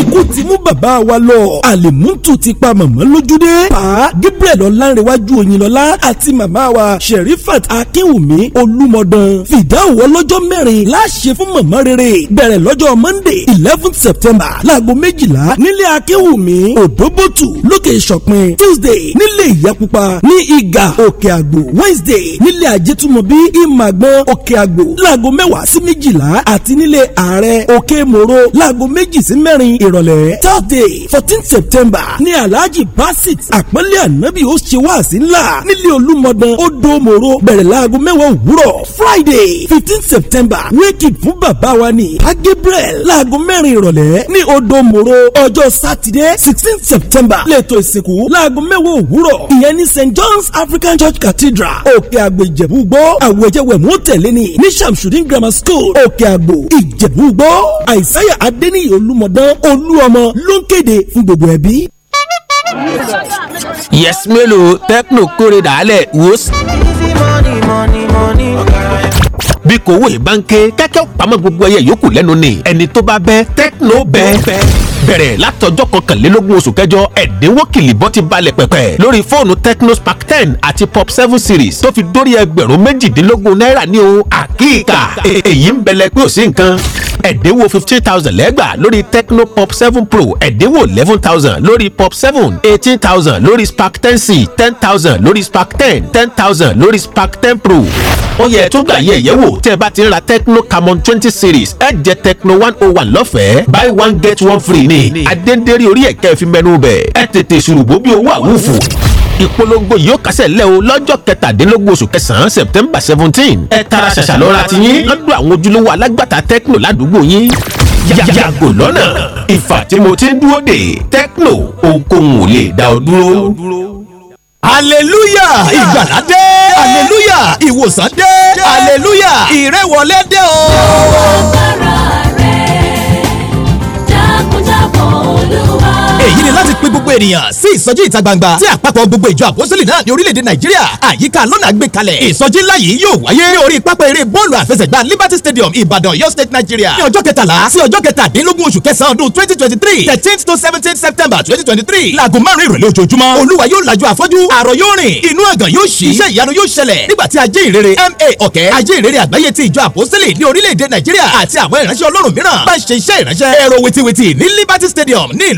ikú ti mú bàbá wa lọ àlèmútù ti pa màmá lójúdé pa gabriel ọlárẹ̀wájú òyìnlọ́lá àti màmá wa sherifat akínwùmí olúmọdán fìdáwò ọlọ́jọ́ mẹ́rin láṣẹ fún màmá rere bẹ̀rẹ̀ lọ́jọ́ monday eleven september láago méjìlá nílé akínwùmí òdòbòtù lókè ìṣọ̀pin tuesday nílé ìyàpupa ní ìgà òkè àgbò wednesday nílé àjẹtùmọ̀bí ìmàgbọ́n òkè àgbò láago mẹ́wàá sí méjìlá àti nílé ààrẹ òkè mòro láago méjì sí mẹ́rin ìrọ̀lẹ́ thursday fourteen september ní alhaji basit àpọ́nlé ànábì ó ṣe wáàsí ńlá nílé olúmọdán ó do mòro bẹ̀rẹ̀ láago mẹ́wàá òwúrọ̀ friday fifteen september wíkì fún bàbá wa ní pa gabriel láago mẹ́rin ìrọ̀lẹ́ ní odò mòro ọjọ́ sátidé sixteen september lẹ́tọ̀ ìsìnkú láago mẹ́wàá òwúrọ̀ ìyẹn ní st john's african church cathedral òkè àgbò ìjẹ̀bú gbọ́ àwẹ̀jẹ̀wẹ̀mú tẹ̀lé ni ní shamsuddin grammar school òkè àgbò ìjẹ̀bú gbọ́ àìsáyà adéníyì olúmọdán olúọmọ ló ń kéde fún gbogbo ẹbí. yes mélòó tẹ́kínò kórè dàálẹ̀ wòs bí kò wòye bá ń ké kẹ́kẹ́ pamọ́ gbogbo ẹyẹ yòókù lẹ́nu ni ẹni tó bá bẹ́ tẹ́kínò bẹ́ẹ̀ bẹ́ẹ̀ bẹ̀rẹ̀ látọjọ́ kọkànlélógún oṣù kẹjọ ẹ̀dínwó kìlìbọ́n ti balẹ̀ pẹ̀pẹ̀ lórí fóònù Tecno Spark ten àti Pop seven series tó fi dórí ẹgbẹ̀rún méjìdínlógún náírà ní o àkíkà èyí ń bẹ̀lẹ̀ pé ò sí nǹkan ẹ̀dínwó fifteen thousand lẹ́gbàá lórí Tecno Pop seven Pro ẹ̀dínwó eleven thousand lórí Pop seven eighteen thousand lórí Spark ten C ten thousand lórí Spark ten ten thousand lórí Spark ten Pro ó yẹ tó gbà yẹ ìyẹ́wò tẹ́ ẹ bá ti ń ra Tecno Camon twenty series ẹ jẹ Tecno one oh one lọ́fẹ̀ẹ́ buy one get one free ní adédèrè orí ẹ̀kẹ́ fi mẹ́nu bẹ̀ ẹ tètè ṣùrùgbó bí owó àwùfù ìpolongo yìí ó kásẹ̀ lẹ́ o lọ́jọ́ kẹtàdínlógún oṣù kẹsàn-án september seventeen ẹ tara ṣàṣà lọ́ra ti yín lọ́dọ̀ àwọn ojúlówó alágbàtà tẹ́kínò ládùúgbò yín yàgò lọ́nà ìfà tí mo ti ń dúró dè tẹ́kínò ohunkóhun ò lè dá ọ dúró. hallelujah ìgbàlá dé hallelujah ìwòsàn dé hallelujah ìrẹ́wọlé dé o. jọ̀wọ́ sára rẹ̀ jákújákọ̀ olúwa èyí ni láti pe gbogbo ènìyàn sí ìsọjí ìta gbangba tí àpapọ̀ gbogbo ìjọ àpọ́sítélì náà ní orílẹ̀-èdè nàìjíríà àyíká lọ́nà gbé kalẹ̀ ìsọjí ńlá yìí yóò wáyé ní orí pápá eré bọ́ọ̀lù àfẹsẹ̀gbá liberty stadium ìbàdàn Yor state nigeria ní ọjọ́ kẹtàlá sí ọjọ́ kẹtàdínlógún oṣù kẹsàn-án ọdún twenty twenty three thirteen to seventeen september twenty twenty three laago márùn-ún ìrọ̀lẹ́ ojoojúmọ́ olúwa yóò lajú àfọ́jú àrọ̀ yóò rìn inú àgàn yóò ṣí liberty stadium ní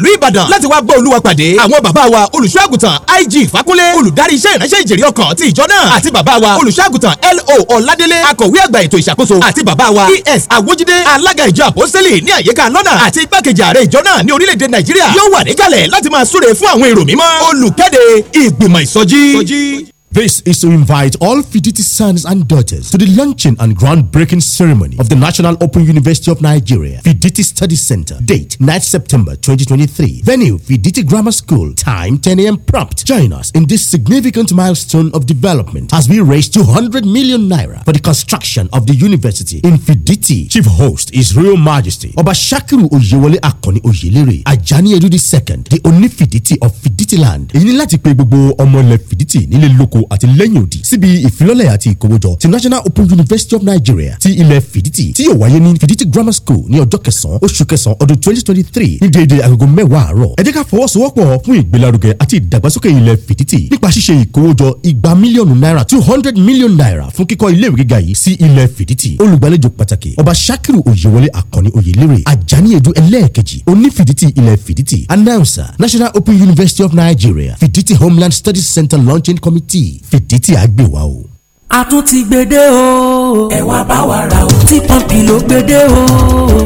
láti wá gbọ́ olúwa pàdé àwọn bàbá wa olùṣọ́ àgùntàn IG Fákúnlé olùdarí iṣẹ́ ìránṣẹ́ ìjèrè ọkàn ti ìjọ náà àti bàbá wa olùṣọ́ àgùntàn LO Ọládélé akọ̀wé àgbà ètò ìṣàkóso àti bàbá wa ES Awójídé alága ìjọ àpọ́sẹ́lì ní àyíká lọ́nà àti igbákejì ààrẹ ìjọ náà ní orílẹ̀-èdè Nàìjíríà yóò wà níkàlẹ̀ láti máa súre fún àwọn èrò mímọ́ olùkéde ìgbìmọ̀ ìsọjí. This is to invite all Fiditi sons and daughters to the launching and groundbreaking ceremony of the National Open University of Nigeria, Fiditi Study Center. Date 9 September 2023. Venue Fiditi Grammar School. Time 10 a.m. prompt. Join us in this significant milestone of development as we raise 200 million naira for the construction of the university in Fiditi. Chief host is Royal Majesty Obashakiru Oyewole Akoni Oyelere Ajani Edu II, the Fiditi of Fiditi land. Èyí gbogbo ọmọ Fiditi nílé lóko àti lẹ́yìn odi síbi ìfilọ́lẹ̀ àti ìkówójọ ti National Open University of Nigeria ti ilẹ̀ Fìdítì tí yóò wáyé ní Fìdítì Grammar School ní ọjọ́ kẹsàn-án oṣù kẹsàn-án ọdún twenty twenty three ní déédéé agogo mẹ́wàá àárọ̀ ẹ jẹ́ ká fọwọ́sowọ́pọ̀ fún ìgbélárugẹ àti ìdàgbàsókè ilẹ̀ Fìdítì nípa ṣíṣe ìkówójọ igba mílíọ̀nù náírà two hundred million naira fún kíkọ́ iléèwé gíga yìí sí ilẹ̀ Fìdítì olùgbàlejò pàtàkì ọba Sakiru Oyewole Akànni Oyelere Ajani Edu ẹlẹ́ẹ̀kejì onífìdítì ilẹ̀ Fìdítì announcer National Open University of Nigeria Fìdítì Homeland Studies Center launching committee fìdí tí a gbé wa o a tún ti gbede o. ẹ wá bá wa ra o. tí pọ́ǹpì ló gbede o.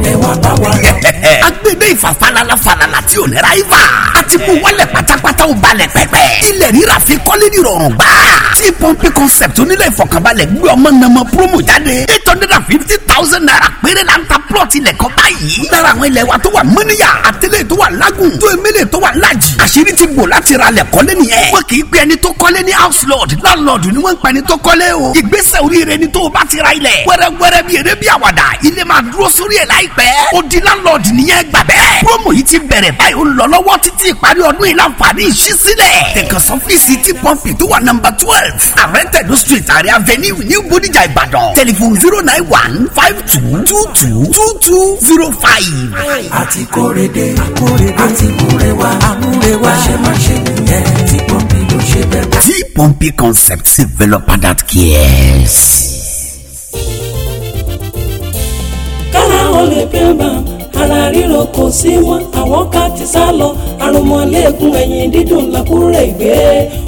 ẹ bá wa ra o. agbede ìfàfàlàlà falala tí ò ní ráìvà. a ti mú wálẹ̀ pátápátá ò balẹ̀ pẹ́pẹ́. ilẹ̀ rírà fi kọ́lé ní rọrùn gbà. tí pọ́ǹpì concept onílẹ̀ ìfọ̀kànbalẹ̀ gbé ọmọ nàmọ promo jáde. eight hundred and fifty thousand naira péré la ń ta plot ilẹ̀ kan báyìí. lára àwọn ilẹ̀ wa tó wà mọ́níyà àtẹlẹ́ tó wà lágùn tó emele tó wà lájì. àṣírí ti bò láti ra lẹ̀ kọ́lé nìyẹn. wọ́n kì í pe ẹni tó kọ́lé ní house lord landlord ni wọ́n ń pa ẹni tó kọ́lé lé o ìgbésẹ̀ oríire ni tó o bá ti ra ilẹ̀ wẹ́rẹ́wẹ́rẹ́ bí eré bí àwàdà ilé máa dúró sórí ẹ̀ láìpẹ́ ó di landlord nìyẹn gbà bẹ́ẹ̀ promo yìí ti bẹ̀rẹ̀ báyìí ó ń lọ lọ́wọ́ títí ìparí ọdún yìí láǹfààní ìṣí sílẹ̀ tẹ̀kọ̀sán fíìsì tí pọ́ǹpì tó wà nọ́mbà twelve arẹ́tẹ̀dó street àrẹ avenue new bodijà ìbàdàn tẹlifon zero nine one five two two two two two zero five. àti kórede àkórede àti múrewa àmúrewa àṣemáṣe nìyẹn ti pọ́ǹpì ṣe bẹ́ẹ̀. pompi concept developer that cares. kára ó lè bí ọba ara ríro kò sí wọn àwọn ká ti sá lọ àrùnmọ́lẹ́gùn ẹ̀yìn dídùn làkúrẹ́ ìgbé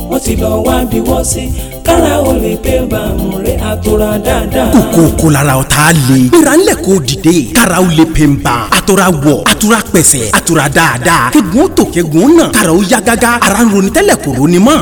wọ́n ti lọ́ọ́ wá bí wọ́n sí kára o lè pé bàmù rẹ̀ àtòrà dáadáa. kókó lára ọ̀tá le. ìrànlẹ̀ kò dìde. kára o lè pè ń ban. wọ̀ àtòrà pẹ̀sẹ̀ àtòrà dáadáa. kegun tó kegun náà. kára o yá gágá. ara ń ronú tẹ́lẹ̀ kò ronú mọ́.